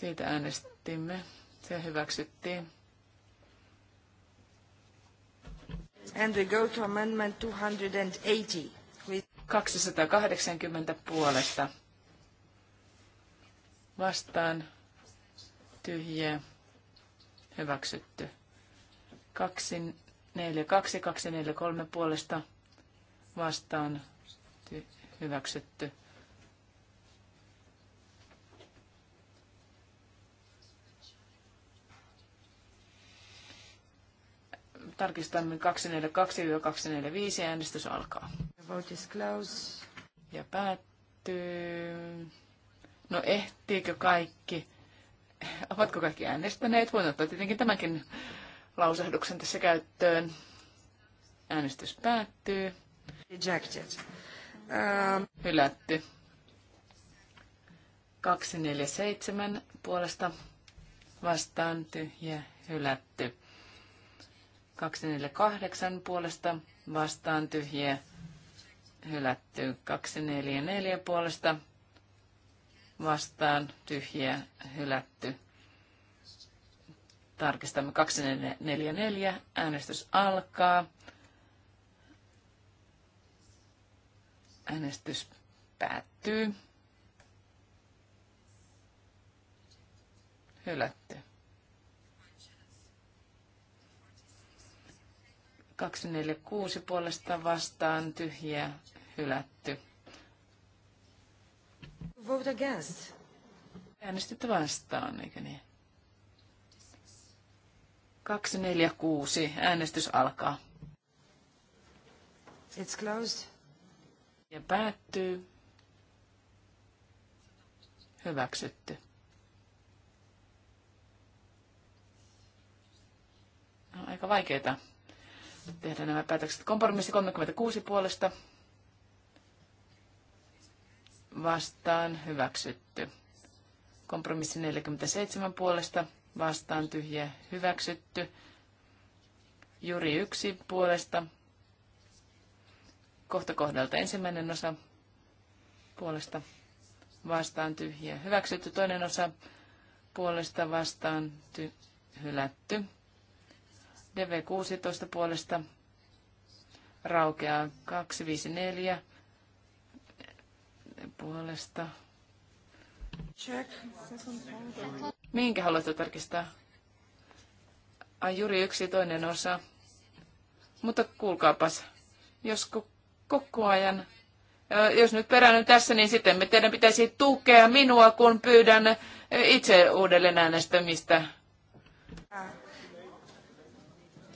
Siitä äänestimme. Se hyväksyttiin. And we go to amendment 280. 280 puolesta. Vastaan tyhjää, hyväksytty. 2, 4, 2, 2, 4, 3 puolesta vastaan ty, hyväksytty. Tarkistamme 242-245 äänestys alkaa. The Vote is close. Ja päättyy. No ehtiikö kaikki? Ovatko kaikki äänestäneet? Voin ottaa tietenkin tämänkin lausahduksen tässä käyttöön. Äänestys päättyy. Rejected. Um... Hylätty. 247 puolesta vastaan tyhjä hylätty. 248 puolesta vastaan tyhjä hylätty. 244 puolesta vastaan tyhjiä hylätty. Tarkistamme 244. Äänestys alkaa. Äänestys päättyy. Hylätty. 246 puolesta vastaan tyhjiä hylätty. Vote against. Äänestitte vastaan, eikö niin? 246. Äänestys alkaa. It's closed. Ja päättyy. Hyväksytty. No, aika vaikeita tehdä nämä päätökset. Kompromissi 36 puolesta vastaan hyväksytty. Kompromissi 47 puolesta vastaan tyhjä hyväksytty. Juri 1 puolesta. Kohta kohdalta ensimmäinen osa puolesta vastaan tyhjä hyväksytty. Toinen osa puolesta vastaan ty- hylätty. DV16 puolesta raukeaa 254 puolesta. Check. Minkä haluatte tarkistaa? Ai juuri yksi toinen osa. Mutta kuulkaapas, jos koko ajan, jos nyt peräännyn tässä, niin sitten me teidän pitäisi tukea minua, kun pyydän itse uudelleen äänestämistä.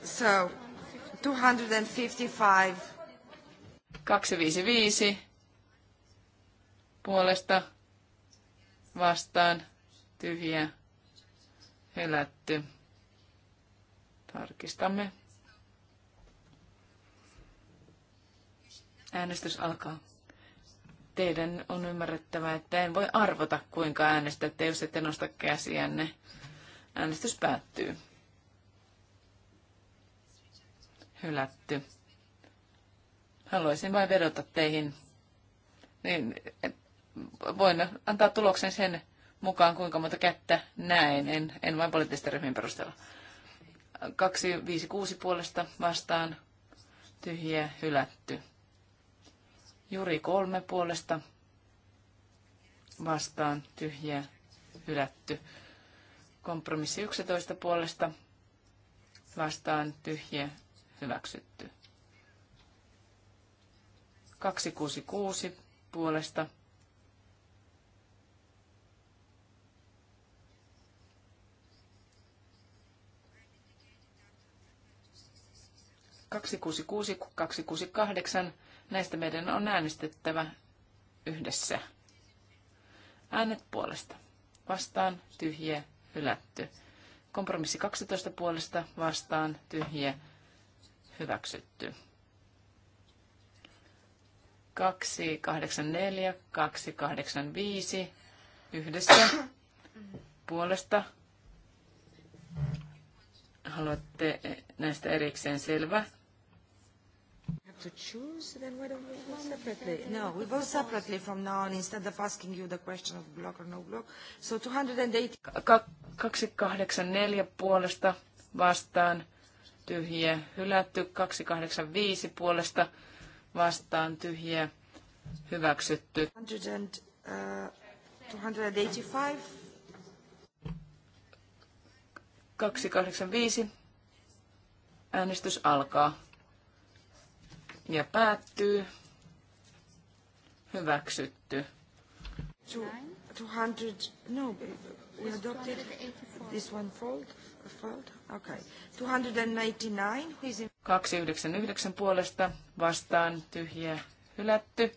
So, 255. 255 puolesta vastaan tyhjä hylätty. Tarkistamme. Äänestys alkaa. Teidän on ymmärrettävä, että en voi arvota, kuinka äänestätte, jos ette nosta käsiänne. Äänestys päättyy. Hylätty. Haluaisin vain vedota teihin, niin, voin antaa tuloksen sen mukaan, kuinka monta kättä näen, en, en vain poliittisten ryhmien perusteella. 256 puolesta vastaan tyhjiä hylätty. Juri kolme puolesta vastaan tyhjiä hylätty. Kompromissi 11 puolesta vastaan tyhjiä hyväksytty. 266 puolesta 266, 268, näistä meidän on äänestettävä yhdessä. Äänet puolesta. Vastaan, tyhjä, hylätty. Kompromissi 12 puolesta, vastaan, tyhjä, hyväksytty. 284, 285, yhdessä, puolesta. Haluatte näistä erikseen selvä to choose, then why don't we vote separately? No, we vote separately from now on instead of asking you the question of block or no block. So 284 puolesta vastaan tyhjiä hylätty, 285 puolesta vastaan tyhjiä hyväksytty. 285. 285. Uh, Äänestys alkaa ja päättyy. Hyväksytty. 200, no, we adopted this one fold, fold, okay. 299, who is in... 299 puolesta vastaan tyhjä hylätty.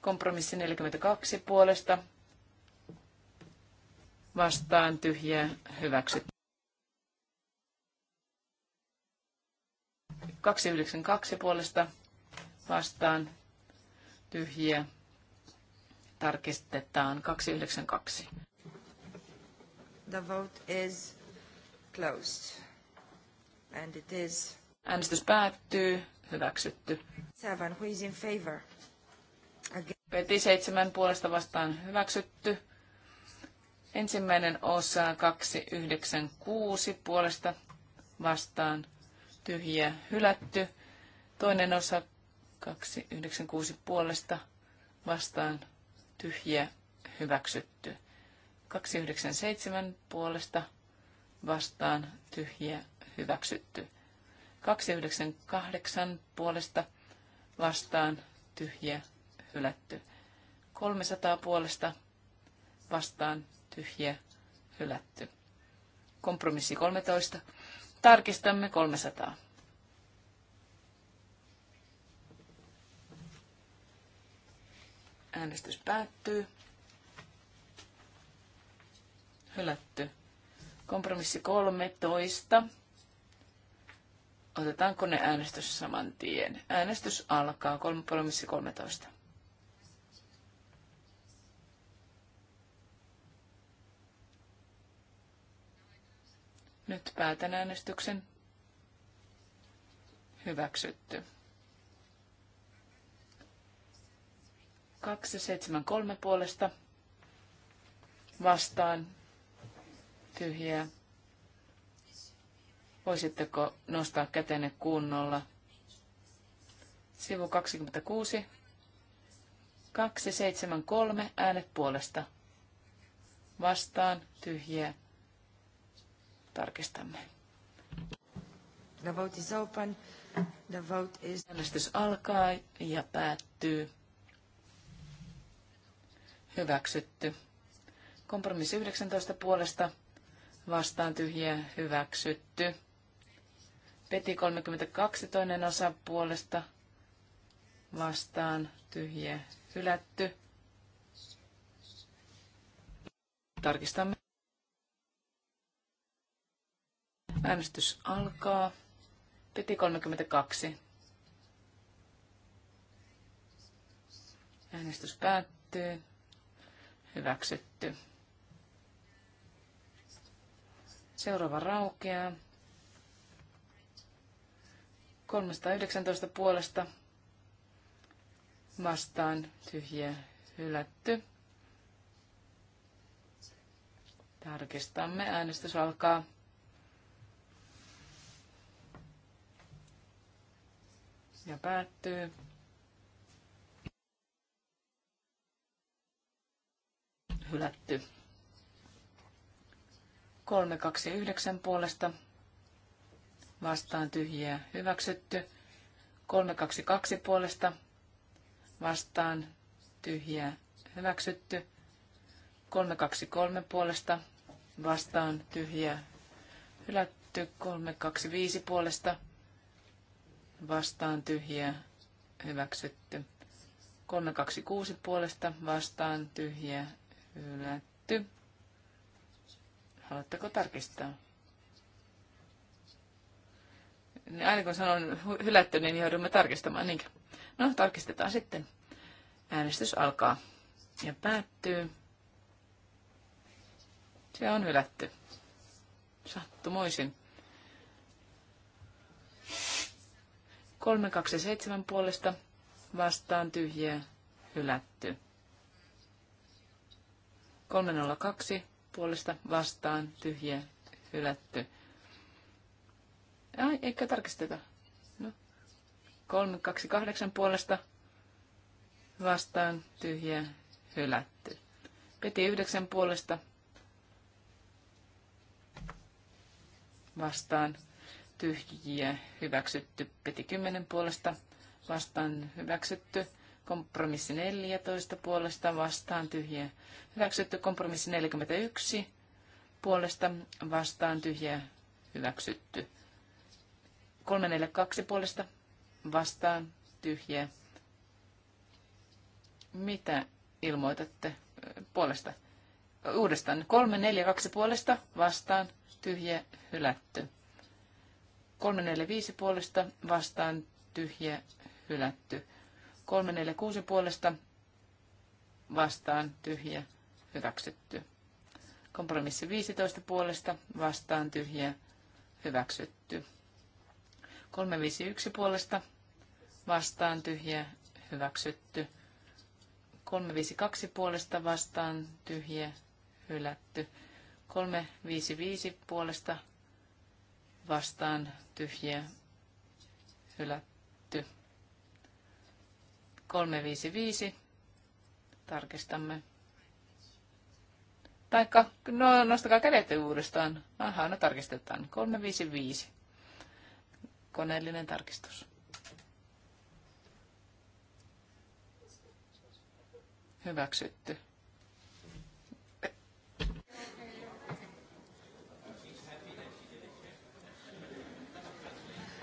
Kompromissi 42 puolesta vastaan tyhjä hyväksytty. 292 puolesta vastaan tyhjiä. Tarkistetaan 292. The vote is closed. And it is... Äänestys päättyy. Hyväksytty. Seven, who is in favor? Again. Peti seitsemän puolesta vastaan hyväksytty. Ensimmäinen osa 296 puolesta vastaan tyhjiä hylätty. Toinen osa 296 puolesta vastaan tyhjiä hyväksytty. 297 puolesta vastaan tyhjiä hyväksytty. 298 puolesta vastaan tyhjiä hylätty. 300 puolesta vastaan tyhjiä hylätty. Kompromissi 13 Tarkistamme 300. Äänestys päättyy. Hylätty. Kompromissi 13. Otetaan äänestys saman tien. Äänestys alkaa. Kompromissi 13. Nyt päätän äänestyksen. Hyväksytty. 273 puolesta vastaan tyhjää. Voisitteko nostaa kätenne kunnolla? Sivu 26. 273 äänet puolesta. Vastaan tyhjää tarkistamme. The vote is open. The vote is... Äänestys alkaa ja päättyy. Hyväksytty. Kompromissi 19 puolesta vastaan tyhjiä hyväksytty. Peti 32 toinen osa puolesta vastaan tyhjiä hylätty. Tarkistamme. Äänestys alkaa. Peti 32. Äänestys päättyy. Hyväksytty. Seuraava raukeaa. 319 puolesta vastaan tyhjä hylätty. Tarkistamme. Äänestys alkaa. ja päättyy. Hylätty. 329 puolesta vastaan tyhjiä hyväksytty. 322 puolesta vastaan tyhjiä hyväksytty. 323 puolesta vastaan tyhjiä hylätty. 325 puolesta vastaan tyhjiä hyväksytty. 326 puolesta vastaan tyhjiä hylätty. Haluatteko tarkistaa? Niin aina kun sanon hylätty, niin joudumme tarkistamaan. Niinkö? No, tarkistetaan sitten. Äänestys alkaa ja päättyy. Se on hylätty. Sattumoisin. 327 puolesta vastaan tyhjiä hylätty. 302 puolesta vastaan tyhjiä hylätty. Ai, eikä tarkisteta. No. 328 puolesta vastaan tyhjiä hylätty. Peti 9 puolesta vastaan tyhjiä hyväksytty. Peti 10 puolesta vastaan hyväksytty. Kompromissi 14 puolesta vastaan tyhjiä hyväksytty. Kompromissi 41 puolesta vastaan tyhjiä hyväksytty. 342 puolesta vastaan tyhjiä. Mitä ilmoitatte äh, puolesta? Uudestaan 342 puolesta vastaan tyhjä hylätty. 345 puolesta vastaan tyhjä hylätty. 346 puolesta vastaan tyhjä hyväksytty. Kompromissi 15 puolesta vastaan tyhjä hyväksytty. 351 puolesta vastaan tyhjä hyväksytty. 352 puolesta vastaan tyhjä hylätty. 355 puolesta vastaan tyhjiä hylätty. 355 tarkistamme. Taikka, no nostakaa kädet uudestaan. Ahaa, no tarkistetaan. 355. Koneellinen tarkistus. Hyväksytty.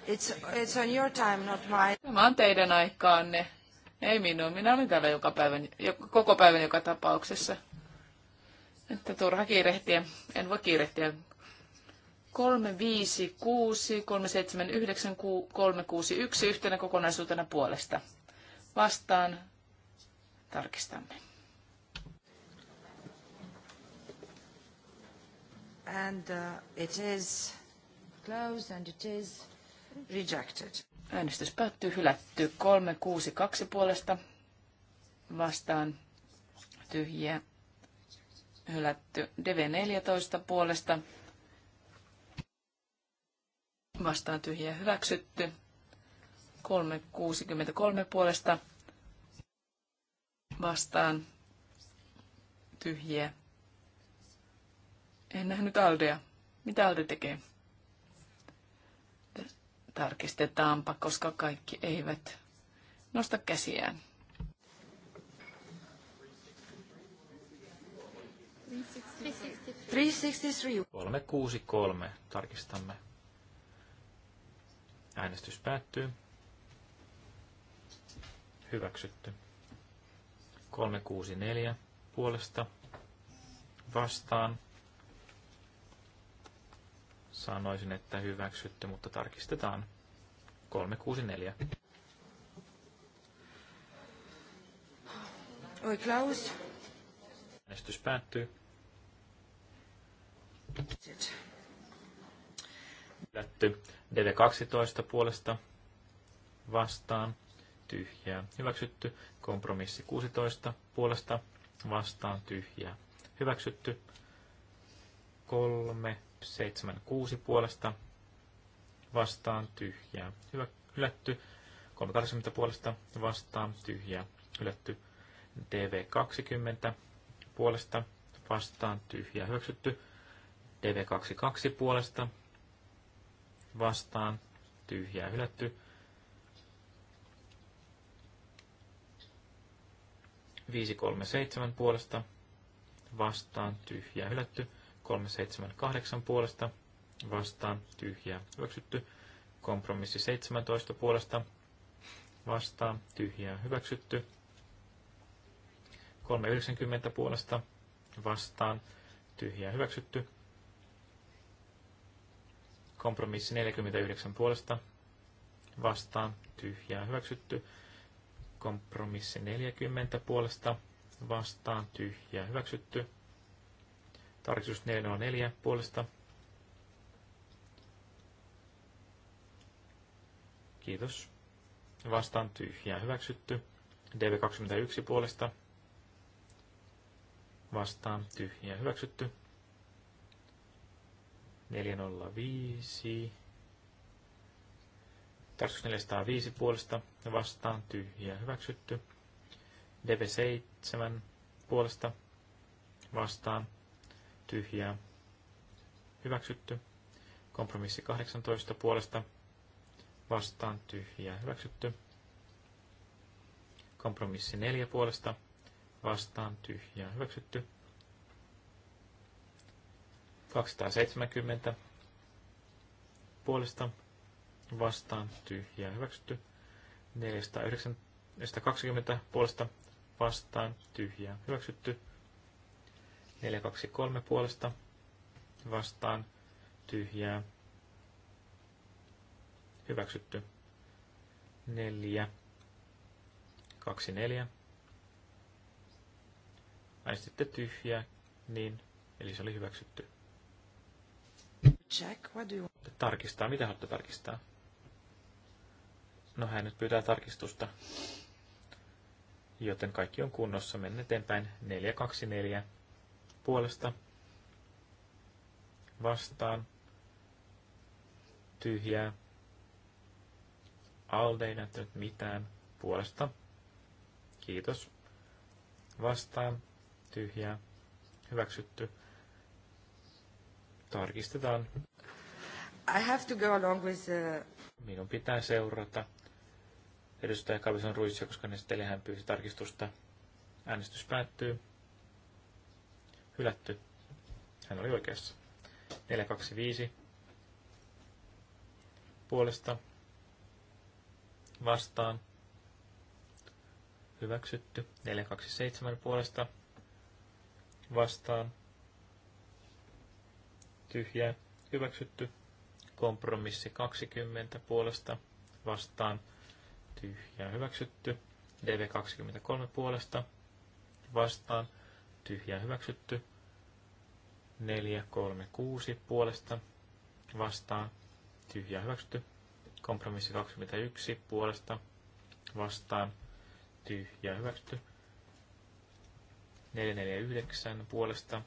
It's, it's on your time, not mine. Tämä on teidän aikaanne. Ei minun, minä olen täällä joka päivän, koko päivän joka tapauksessa. Että turha kiirehtiä, en voi kiirehtiä. 356, 379, 361 yhtenä kokonaisuutena puolesta. Vastaan tarkistamme. And uh, it is closed and it is Rejected. Äänestys päättyy hylätty. 362 puolesta vastaan tyhjiä hylätty. DV14 puolesta vastaan tyhjiä hyväksytty. 363 puolesta vastaan tyhjiä. En nähnyt Aldea. Mitä Alde tekee? Tarkistetaanpa, koska kaikki eivät nosta käsiään. Kolme kuusi kolme. Tarkistamme. Äänestys päättyy. Hyväksytty. 364 puolesta vastaan sanoisin, että hyväksytty, mutta tarkistetaan. 364. Oi Klaus. Äänestys päättyy. Hylätty. dd 12 puolesta vastaan. Tyhjää. Hyväksytty. Kompromissi 16 puolesta vastaan. Tyhjää. Hyväksytty. 3, 376 puolesta vastaan tyhjää. Hyvä, hylätty. 380 puolesta vastaan tyhjää. Hylätty. DV20 puolesta vastaan tyhjää. Hyväksytty. DV22 puolesta vastaan tyhjää. Hylätty. 537 puolesta vastaan tyhjää. Hylätty. 378 puolesta vastaan tyhjää hyväksytty. Kompromissi 17 puolesta vastaan tyhjää hyväksytty. 390 puolesta vastaan tyhjää hyväksytty. Kompromissi 49 puolesta vastaan tyhjää hyväksytty. Kompromissi 40 puolesta vastaan tyhjää hyväksytty. Tarkistus 404 puolesta. Kiitos. Vastaan tyhjää hyväksytty. DV21 puolesta. Vastaan tyhjää hyväksytty. 405. Tarkistus 405 puolesta vastaan tyhjää hyväksytty. DV7 puolesta vastaan tyhjää, hyväksytty. Kompromissi 18 puolesta vastaan tyhjää, hyväksytty. Kompromissi 4 puolesta vastaan tyhjää, hyväksytty. 270 puolesta vastaan tyhjää, hyväksytty. 420 puolesta vastaan tyhjää, hyväksytty. 423 puolesta vastaan tyhjää. Hyväksytty. 4, 2, 4. Äänestitte tyhjää, niin, eli se oli hyväksytty. Check, what do you... Tarkistaa, mitä haluatte tarkistaa? No hän nyt pyytää tarkistusta. Joten kaikki on kunnossa, mennään eteenpäin. 424 puolesta vastaan tyhjää. Alde ei näyttänyt mitään puolesta. Kiitos. Vastaan tyhjää. Hyväksytty. Tarkistetaan. I have to go along with the... Uh, Minun pitää seurata edustaja Kavison ruissia, koska hän pyysi tarkistusta. Äänestys päättyy. Hylätty. Hän oli oikeassa. 425 puolesta vastaan. Hyväksytty. 427 puolesta vastaan. tyhjä Hyväksytty. Kompromissi 20 puolesta vastaan. tyhjä Hyväksytty. DV23 puolesta vastaan tyhjää hyväksytty. 436 puolesta vastaan, tyhjää hyväksytty. Kompromissi 21 puolesta vastaan, tyhjää hyväksytty. 449 puolesta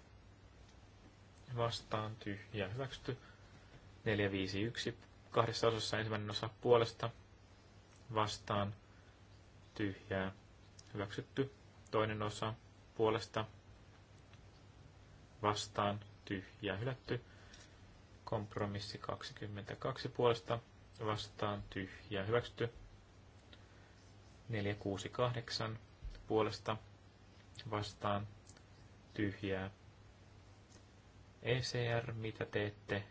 vastaan, tyhjää hyväksytty. 451 kahdessa osassa ensimmäinen osa puolesta vastaan, tyhjää hyväksytty. Toinen osa puolesta vastaan tyhjää hylätty. Kompromissi 22 puolesta vastaan tyhjää hyväksytty. 468 puolesta vastaan tyhjää. ECR, mitä teette?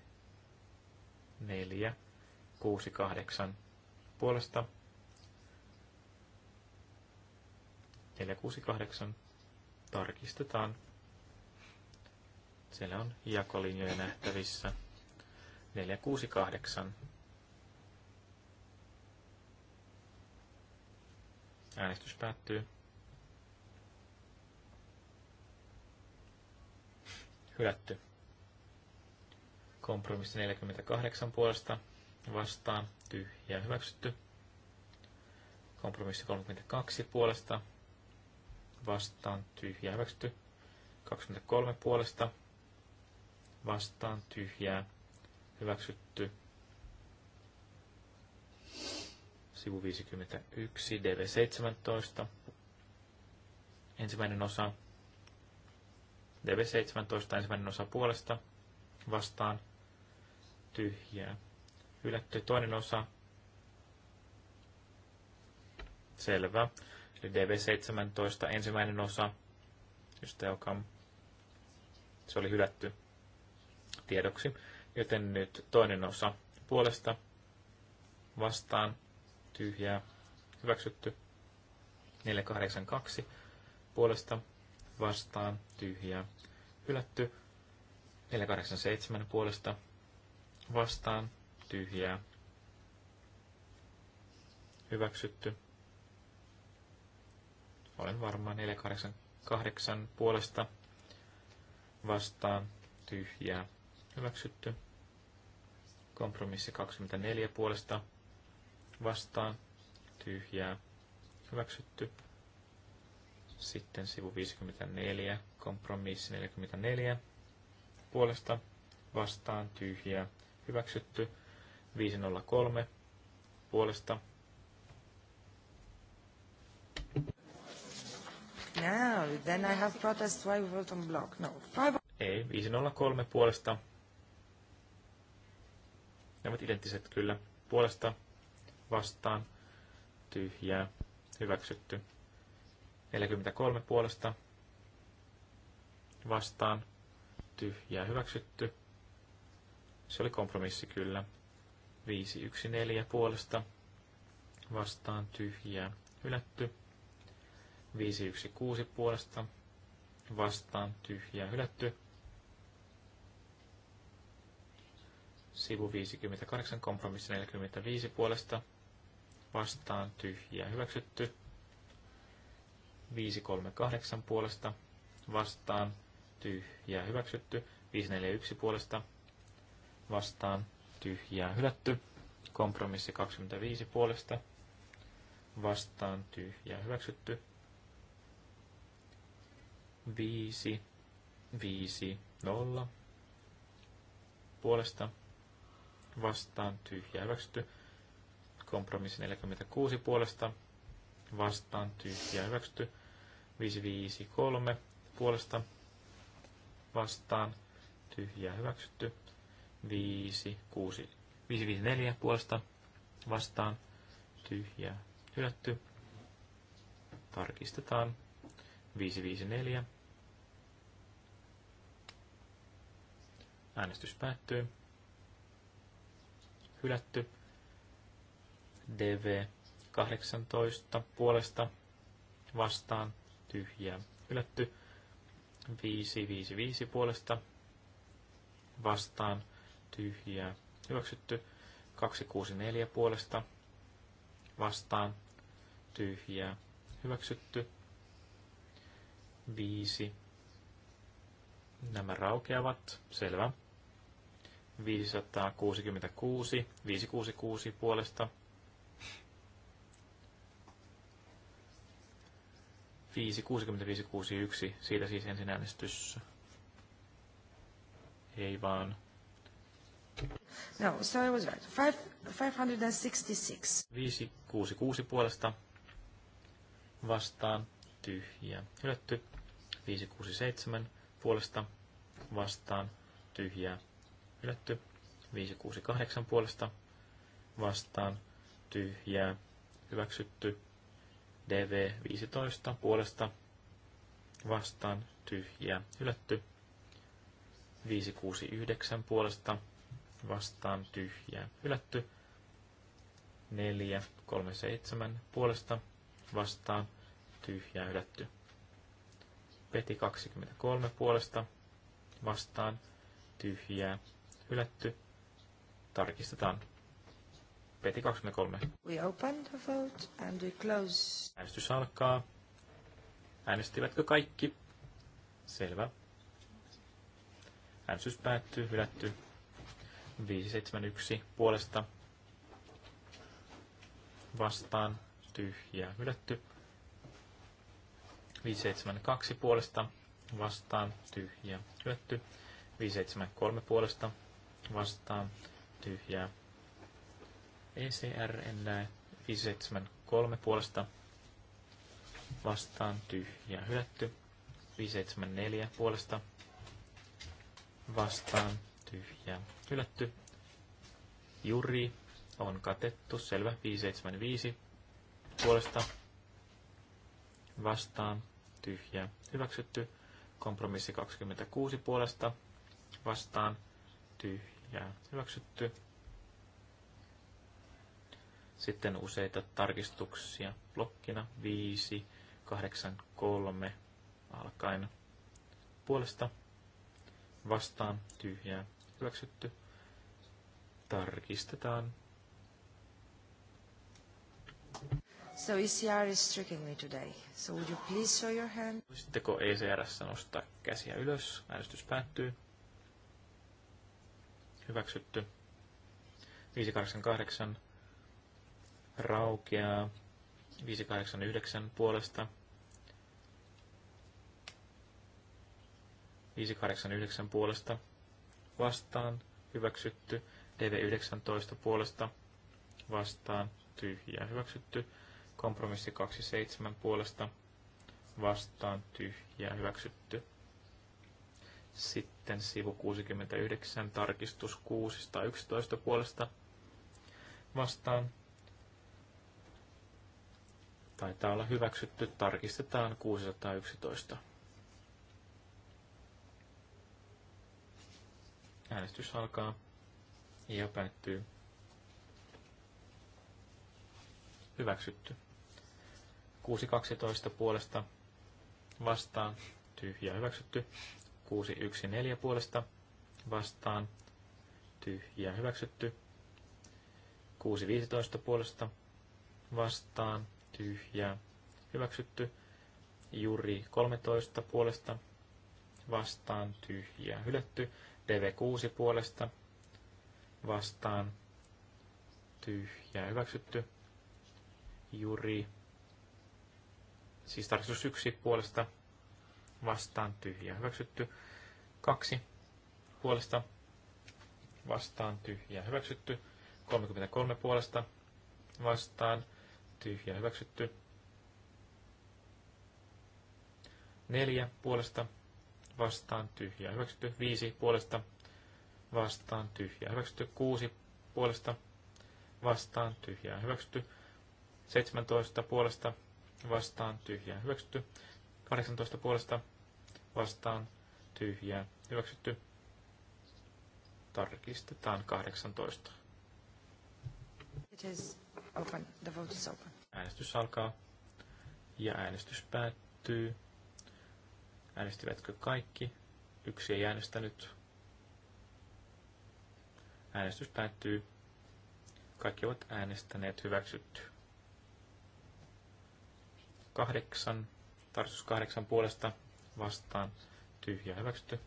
4, 6, puolesta. 468 tarkistetaan. Siellä on jakolinjoja nähtävissä. 468. Äänestys päättyy. Hylätty. Kompromissi 48 puolesta vastaan. Tyhjä hyväksytty. Kompromissi 32 puolesta vastaan. Tyhjä hyväksytty. 23 puolesta vastaan tyhjää hyväksytty. Sivu 51, DV17. Ensimmäinen osa. DV17, ensimmäinen osa puolesta vastaan tyhjää. Hylätty toinen osa. Selvä. Eli DV17, ensimmäinen osa. Just joka se oli hylätty tiedoksi. Joten nyt toinen osa puolesta vastaan tyhjää hyväksytty. 482 puolesta vastaan tyhjää hylätty. 487 puolesta vastaan tyhjää hyväksytty. Olen varmaan 488 puolesta vastaan tyhjää Hyväksytty. Kompromissi 24 puolesta vastaan. Tyhjää. Hyväksytty. Sitten sivu 54. Kompromissi 44 puolesta vastaan. Tyhjää. Hyväksytty. 503 puolesta No, then I have protest why we vote on block. No, five... Ei, 503 puolesta ne ovat identtiset kyllä. Puolesta vastaan tyhjää hyväksytty. 43 puolesta vastaan tyhjää hyväksytty. Se oli kompromissi kyllä. 514 puolesta vastaan tyhjää hylätty. 516 puolesta vastaan tyhjää hylätty. Sivu 58, kompromissi 45 puolesta. Vastaan tyhjää hyväksytty. 538 puolesta. Vastaan tyhjää hyväksytty. 541 puolesta. Vastaan tyhjää hylätty. Kompromissi 25 puolesta. Vastaan tyhjää hyväksytty. 5, 5, 0 puolesta vastaan tyhjä hyväksytty. Kompromissi 46 puolesta vastaan tyhjä hyväksytty. 553 puolesta vastaan tyhjä hyväksytty. 554 puolesta vastaan tyhjä hylätty. Tarkistetaan 554. Äänestys päättyy hylätty. DV 18 puolesta vastaan tyhjää hylätty. 555 puolesta vastaan tyhjää hyväksytty. 264 puolesta vastaan tyhjää hyväksytty. 5 Nämä raukeavat. Selvä. 566, 566 puolesta. 56561, siitä siis ensin äänestys. Ei vaan. No, so I was right. Five, 566. 566 puolesta vastaan tyhjä. Hylätty. 567 puolesta vastaan tyhjää hylätty. 568 puolesta vastaan tyhjää hyväksytty. DV15 puolesta vastaan tyhjää hylätty. 569 puolesta vastaan tyhjää hylätty. 437 puolesta vastaan tyhjää hylätty. Peti 23 puolesta vastaan tyhjää Hylätty. Tarkistetaan. Peti 23. We open the vote and we close. Äänestys alkaa. Äänestivätkö kaikki? Selvä. Äänestys päättyy, hylätty. 571 puolesta. Vastaan, tyhjää, hylätty. 572 puolesta. Vastaan, tyhjää, hylätty. 573 puolesta vastaan tyhjää. ECR en näe 573 puolesta vastaan tyhjää hylätty. 574 puolesta vastaan tyhjää hylätty. Juri on katettu, selvä, 575 puolesta vastaan tyhjää hyväksytty. Kompromissi 26 puolesta vastaan tyhjää hyväksytty. Sitten useita tarkistuksia blokkina 5, 8, 3 alkaen puolesta vastaan tyhjää hyväksytty. Tarkistetaan. So ECR is tricking me today. So would you please show your hand? Voisitteko ECRssä nostaa käsiä ylös? Äänestys päättyy hyväksytty. 588 raukeaa 589 puolesta. 589 puolesta vastaan hyväksytty. DV19 puolesta vastaan tyhjää hyväksytty. Kompromissi 27 puolesta vastaan tyhjää hyväksytty. Sitten sivu 69, tarkistus 611 puolesta vastaan. Taitaa olla hyväksytty. Tarkistetaan 611. Äänestys alkaa ja päättyy. Hyväksytty. 6.12 puolesta vastaan. Tyhjä hyväksytty. 614 puolesta vastaan tyhjää hyväksytty. 615 puolesta vastaan tyhjää hyväksytty. Juri 13 puolesta vastaan tyhjää hylätty. DV6 puolesta vastaan tyhjää hyväksytty. Juri siis tarkistus 1 puolesta vastaan tyhjää hyväksytty. Kaksi puolesta vastaan tyhjää hyväksytty. 33 puolesta vastaan tyhjää hyväksytty. Neljä puolesta vastaan tyhjää hyväksytty. Viisi puolesta vastaan tyhjää hyväksytty. Kuusi puolesta vastaan tyhjää hyväksytty. 17 puolesta vastaan tyhjää hyväksytty. 18 puolesta vastaan tyhjää. Hyväksytty. Tarkistetaan 18. It is open. The vote is open. Äänestys alkaa ja äänestys päättyy. Äänestivätkö kaikki? Yksi ei äänestänyt. Äänestys päättyy. Kaikki ovat äänestäneet hyväksytty. Kahdeksan Tarkistus kahdeksan puolesta vastaan Tyhjä hyväksytty.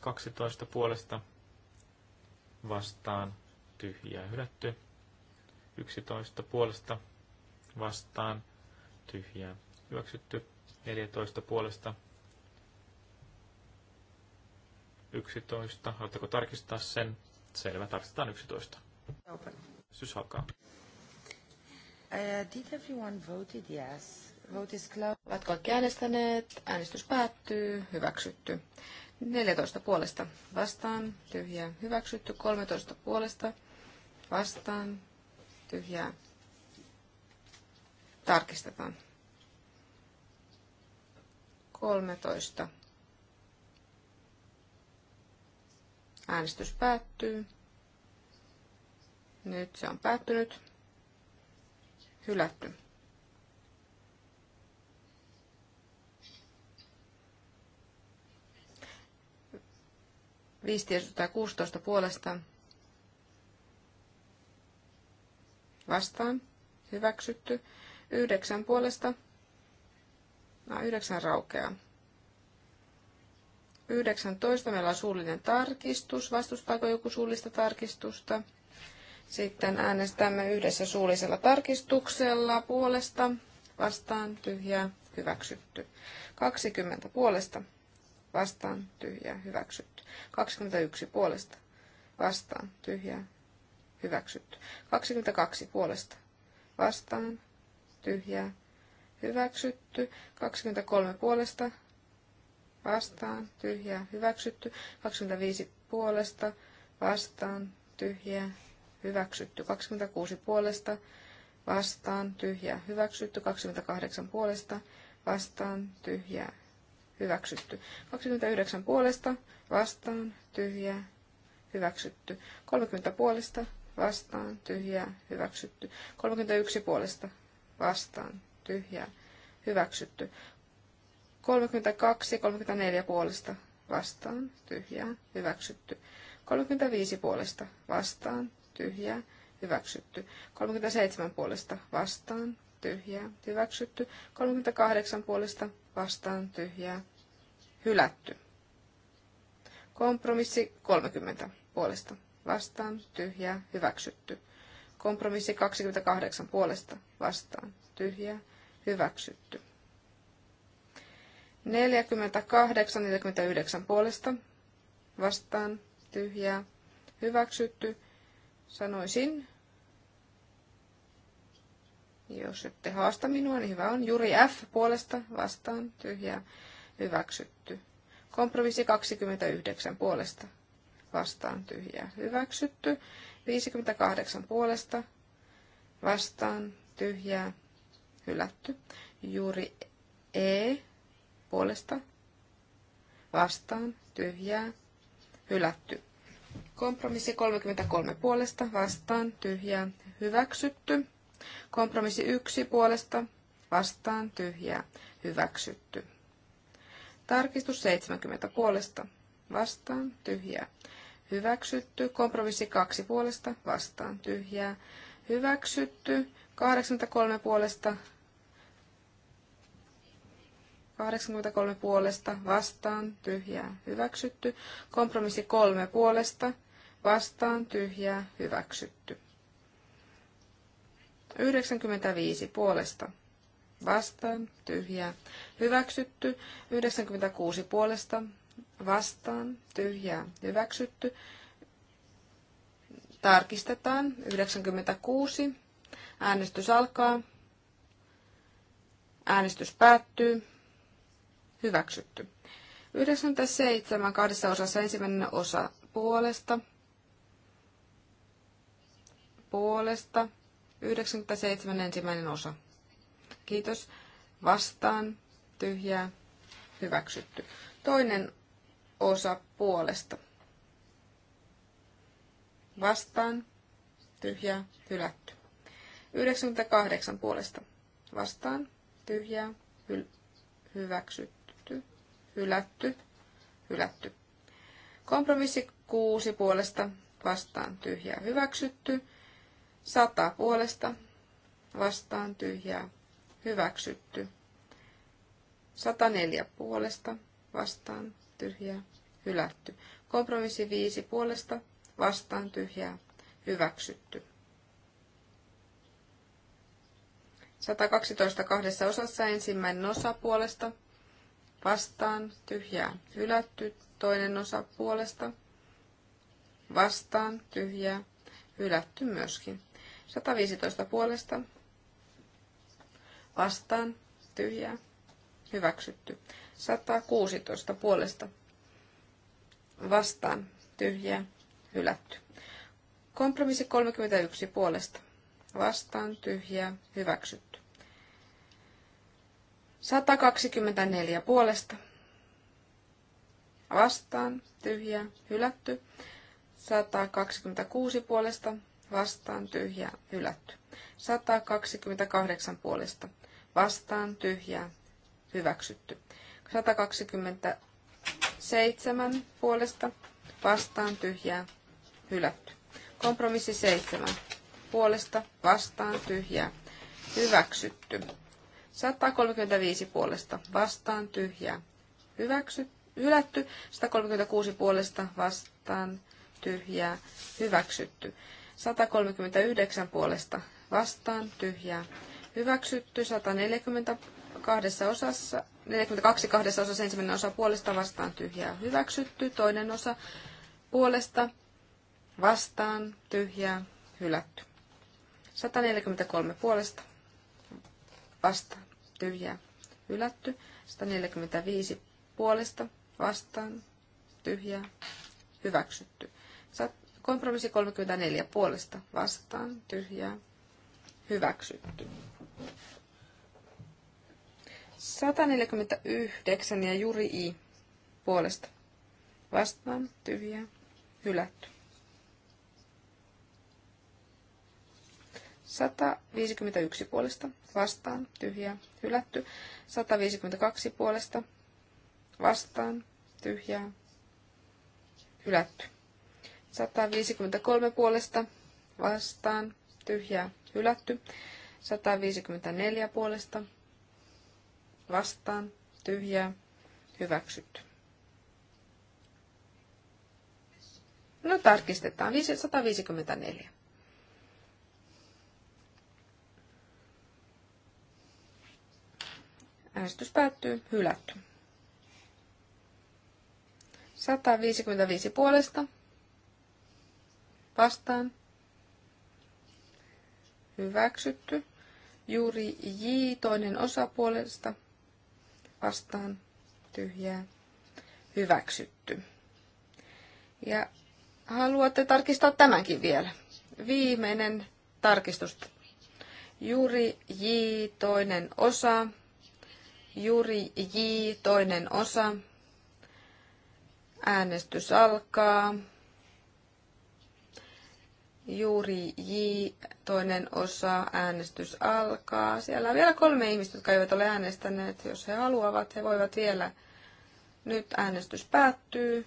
12 puolesta vastaan tyhjä hylätty. 11 puolesta vastaan tyhjä hyväksytty. 14 puolesta 11. Haluatteko tarkistaa sen? Selvä, tarkistetaan 11. Open. alkaa. Uh, did everyone voted yes? Vote is kaikki äänestäneet. Äänestys päättyy. Hyväksytty. 14 puolesta vastaan. tyhjä, Hyväksytty. 13 puolesta vastaan. tyhjä. Tarkistetaan. 13. Äänestys päättyy. Nyt se on päättynyt. Hylätty. 516 puolesta vastaan. Hyväksytty. 9 puolesta. No, 9 raukeaa. 19 meillä on suullinen tarkistus. Vastustaako joku suullista tarkistusta? Sitten äänestämme yhdessä suullisella tarkistuksella puolesta, vastaan, tyhjää, hyväksytty. 20 puolesta, vastaan, tyhjää, hyväksytty. 21 puolesta, vastaan, tyhjää, hyväksytty. 22 puolesta, vastaan, tyhjää, hyväksytty. 23 puolesta, vastaan, tyhjää, hyväksytty. 25 puolesta, vastaan, tyhjää, hyväksytty. 26 puolesta, vastaan, tyhjää, hyväksytty. 28 puolesta, vastaan, tyhjää, hyväksytty. 29 puolesta, vastaan, tyhjää, hyväksytty. 30 puolesta, vastaan, tyhjää, hyväksytty. 31 puolesta, vastaan, tyhjää, hyväksytty. 32, 34 puolesta, vastaan, tyhjää, hyväksytty. 35 puolesta, vastaan, tyhjää, hyväksytty. 37 puolesta, vastaan, tyhjää, hyväksytty. 38 puolesta vastaan tyhjää, hylätty. Kompromissi 30 puolesta vastaan tyhjää, hyväksytty. Kompromissi 28 puolesta vastaan tyhjää, hyväksytty. 48, 49 puolesta vastaan tyhjää, hyväksytty. Sanoisin jos ette haasta minua, niin hyvä on. Juri F puolesta vastaan tyhjää hyväksytty. Kompromissi 29 puolesta vastaan tyhjää hyväksytty. 58 puolesta vastaan tyhjää hylätty. Juri E puolesta vastaan tyhjää hylätty. Kompromissi 33 puolesta vastaan tyhjää hyväksytty. Kompromissi yksi puolesta vastaan tyhjää hyväksytty. Tarkistus 70 puolesta vastaan tyhjää hyväksytty. Kompromissi kaksi puolesta vastaan tyhjää hyväksytty. 83 puolesta 83 puolesta vastaan tyhjää hyväksytty. Kompromissi kolme puolesta vastaan tyhjää hyväksytty. 95 puolesta vastaan, tyhjää, hyväksytty. 96 puolesta vastaan, tyhjää, hyväksytty. Tarkistetaan. 96. Äänestys alkaa. Äänestys päättyy. Hyväksytty. 97. Kahdessa osassa ensimmäinen osa puolesta. Puolesta 97 ensimmäinen osa. Kiitos. Vastaan. Tyhjää. Hyväksytty. Toinen osa puolesta. Vastaan. Tyhjää. Hylätty. 98 puolesta. Vastaan. Tyhjää. Hyl- hyväksytty. Hylätty. Hylätty. Kompromissi 6 puolesta. Vastaan. Tyhjää. Hyväksytty. Sata puolesta vastaan tyhjää hyväksytty. 104 puolesta vastaan tyhjää hylätty. Kompromissi 5 puolesta vastaan tyhjää hyväksytty. 112 kahdessa osassa ensimmäinen osa puolesta vastaan tyhjää hylätty. Toinen osa puolesta vastaan tyhjää hylätty myöskin. 115 puolesta vastaan tyhjää hyväksytty. 116 puolesta vastaan tyhjää hylätty. Kompromissi 31 puolesta vastaan tyhjää hyväksytty. 124 puolesta vastaan tyhjää hylätty. 126 puolesta vastaan tyhjää hylätty. 128 puolesta vastaan tyhjää hyväksytty. 127 puolesta vastaan tyhjää hylätty. Kompromissi 7 puolesta vastaan tyhjää hyväksytty. 135 puolesta vastaan tyhjää hyväksytty. Hylätty. 136 puolesta vastaan tyhjää hyväksytty. 139 puolesta vastaan tyhjää hyväksytty. 140 kahdessa osassa, 42 kahdessa osassa ensimmäinen osa puolesta vastaan tyhjää hyväksytty. Toinen osa puolesta vastaan tyhjää hylätty. 143 puolesta vastaan tyhjää hylätty. 145 puolesta vastaan tyhjää hyväksytty. Kompromissi 34 puolesta vastaan tyhjää hyväksytty. 149 ja Juri I puolesta vastaan tyhjää hylätty. 151 puolesta vastaan tyhjää hylätty. 152 puolesta vastaan tyhjää hylätty. 153 puolesta vastaan tyhjää hylätty. 154 puolesta vastaan tyhjää hyväksytty. No tarkistetaan 154. Äänestys päättyy hylätty. 155 puolesta vastaan hyväksytty. Juuri J toinen osapuolesta vastaan tyhjää hyväksytty. Ja haluatte tarkistaa tämänkin vielä. Viimeinen tarkistus. Juuri J toinen osa. Juuri J toinen osa. Äänestys alkaa. Juuri J, toinen osa, äänestys alkaa. Siellä on vielä kolme ihmistä, jotka eivät ole äänestäneet. Jos he haluavat, he voivat vielä. Nyt äänestys päättyy.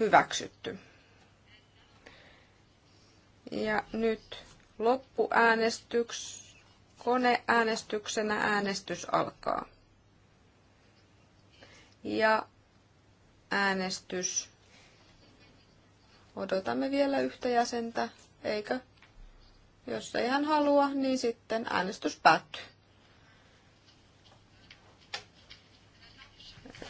Hyväksytty. Ja nyt loppuäänestyks, koneäänestyksenä äänestys alkaa. Ja äänestys. Odotamme vielä yhtä jäsentä. Eikö? Jos ei hän halua, niin sitten äänestys päättyy.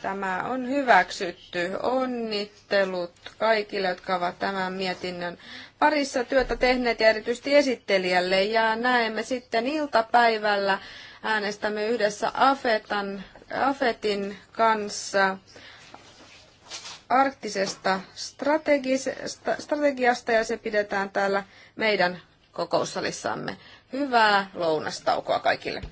Tämä on hyväksytty. Onnittelut kaikille, jotka ovat tämän mietinnön parissa työtä tehneet ja erityisesti esittelijälle. Ja näemme sitten iltapäivällä. Äänestämme yhdessä Afetan, Afetin kanssa arktisesta strategiasta ja se pidetään täällä meidän kokoussalissamme. Hyvää lounastaukoa kaikille.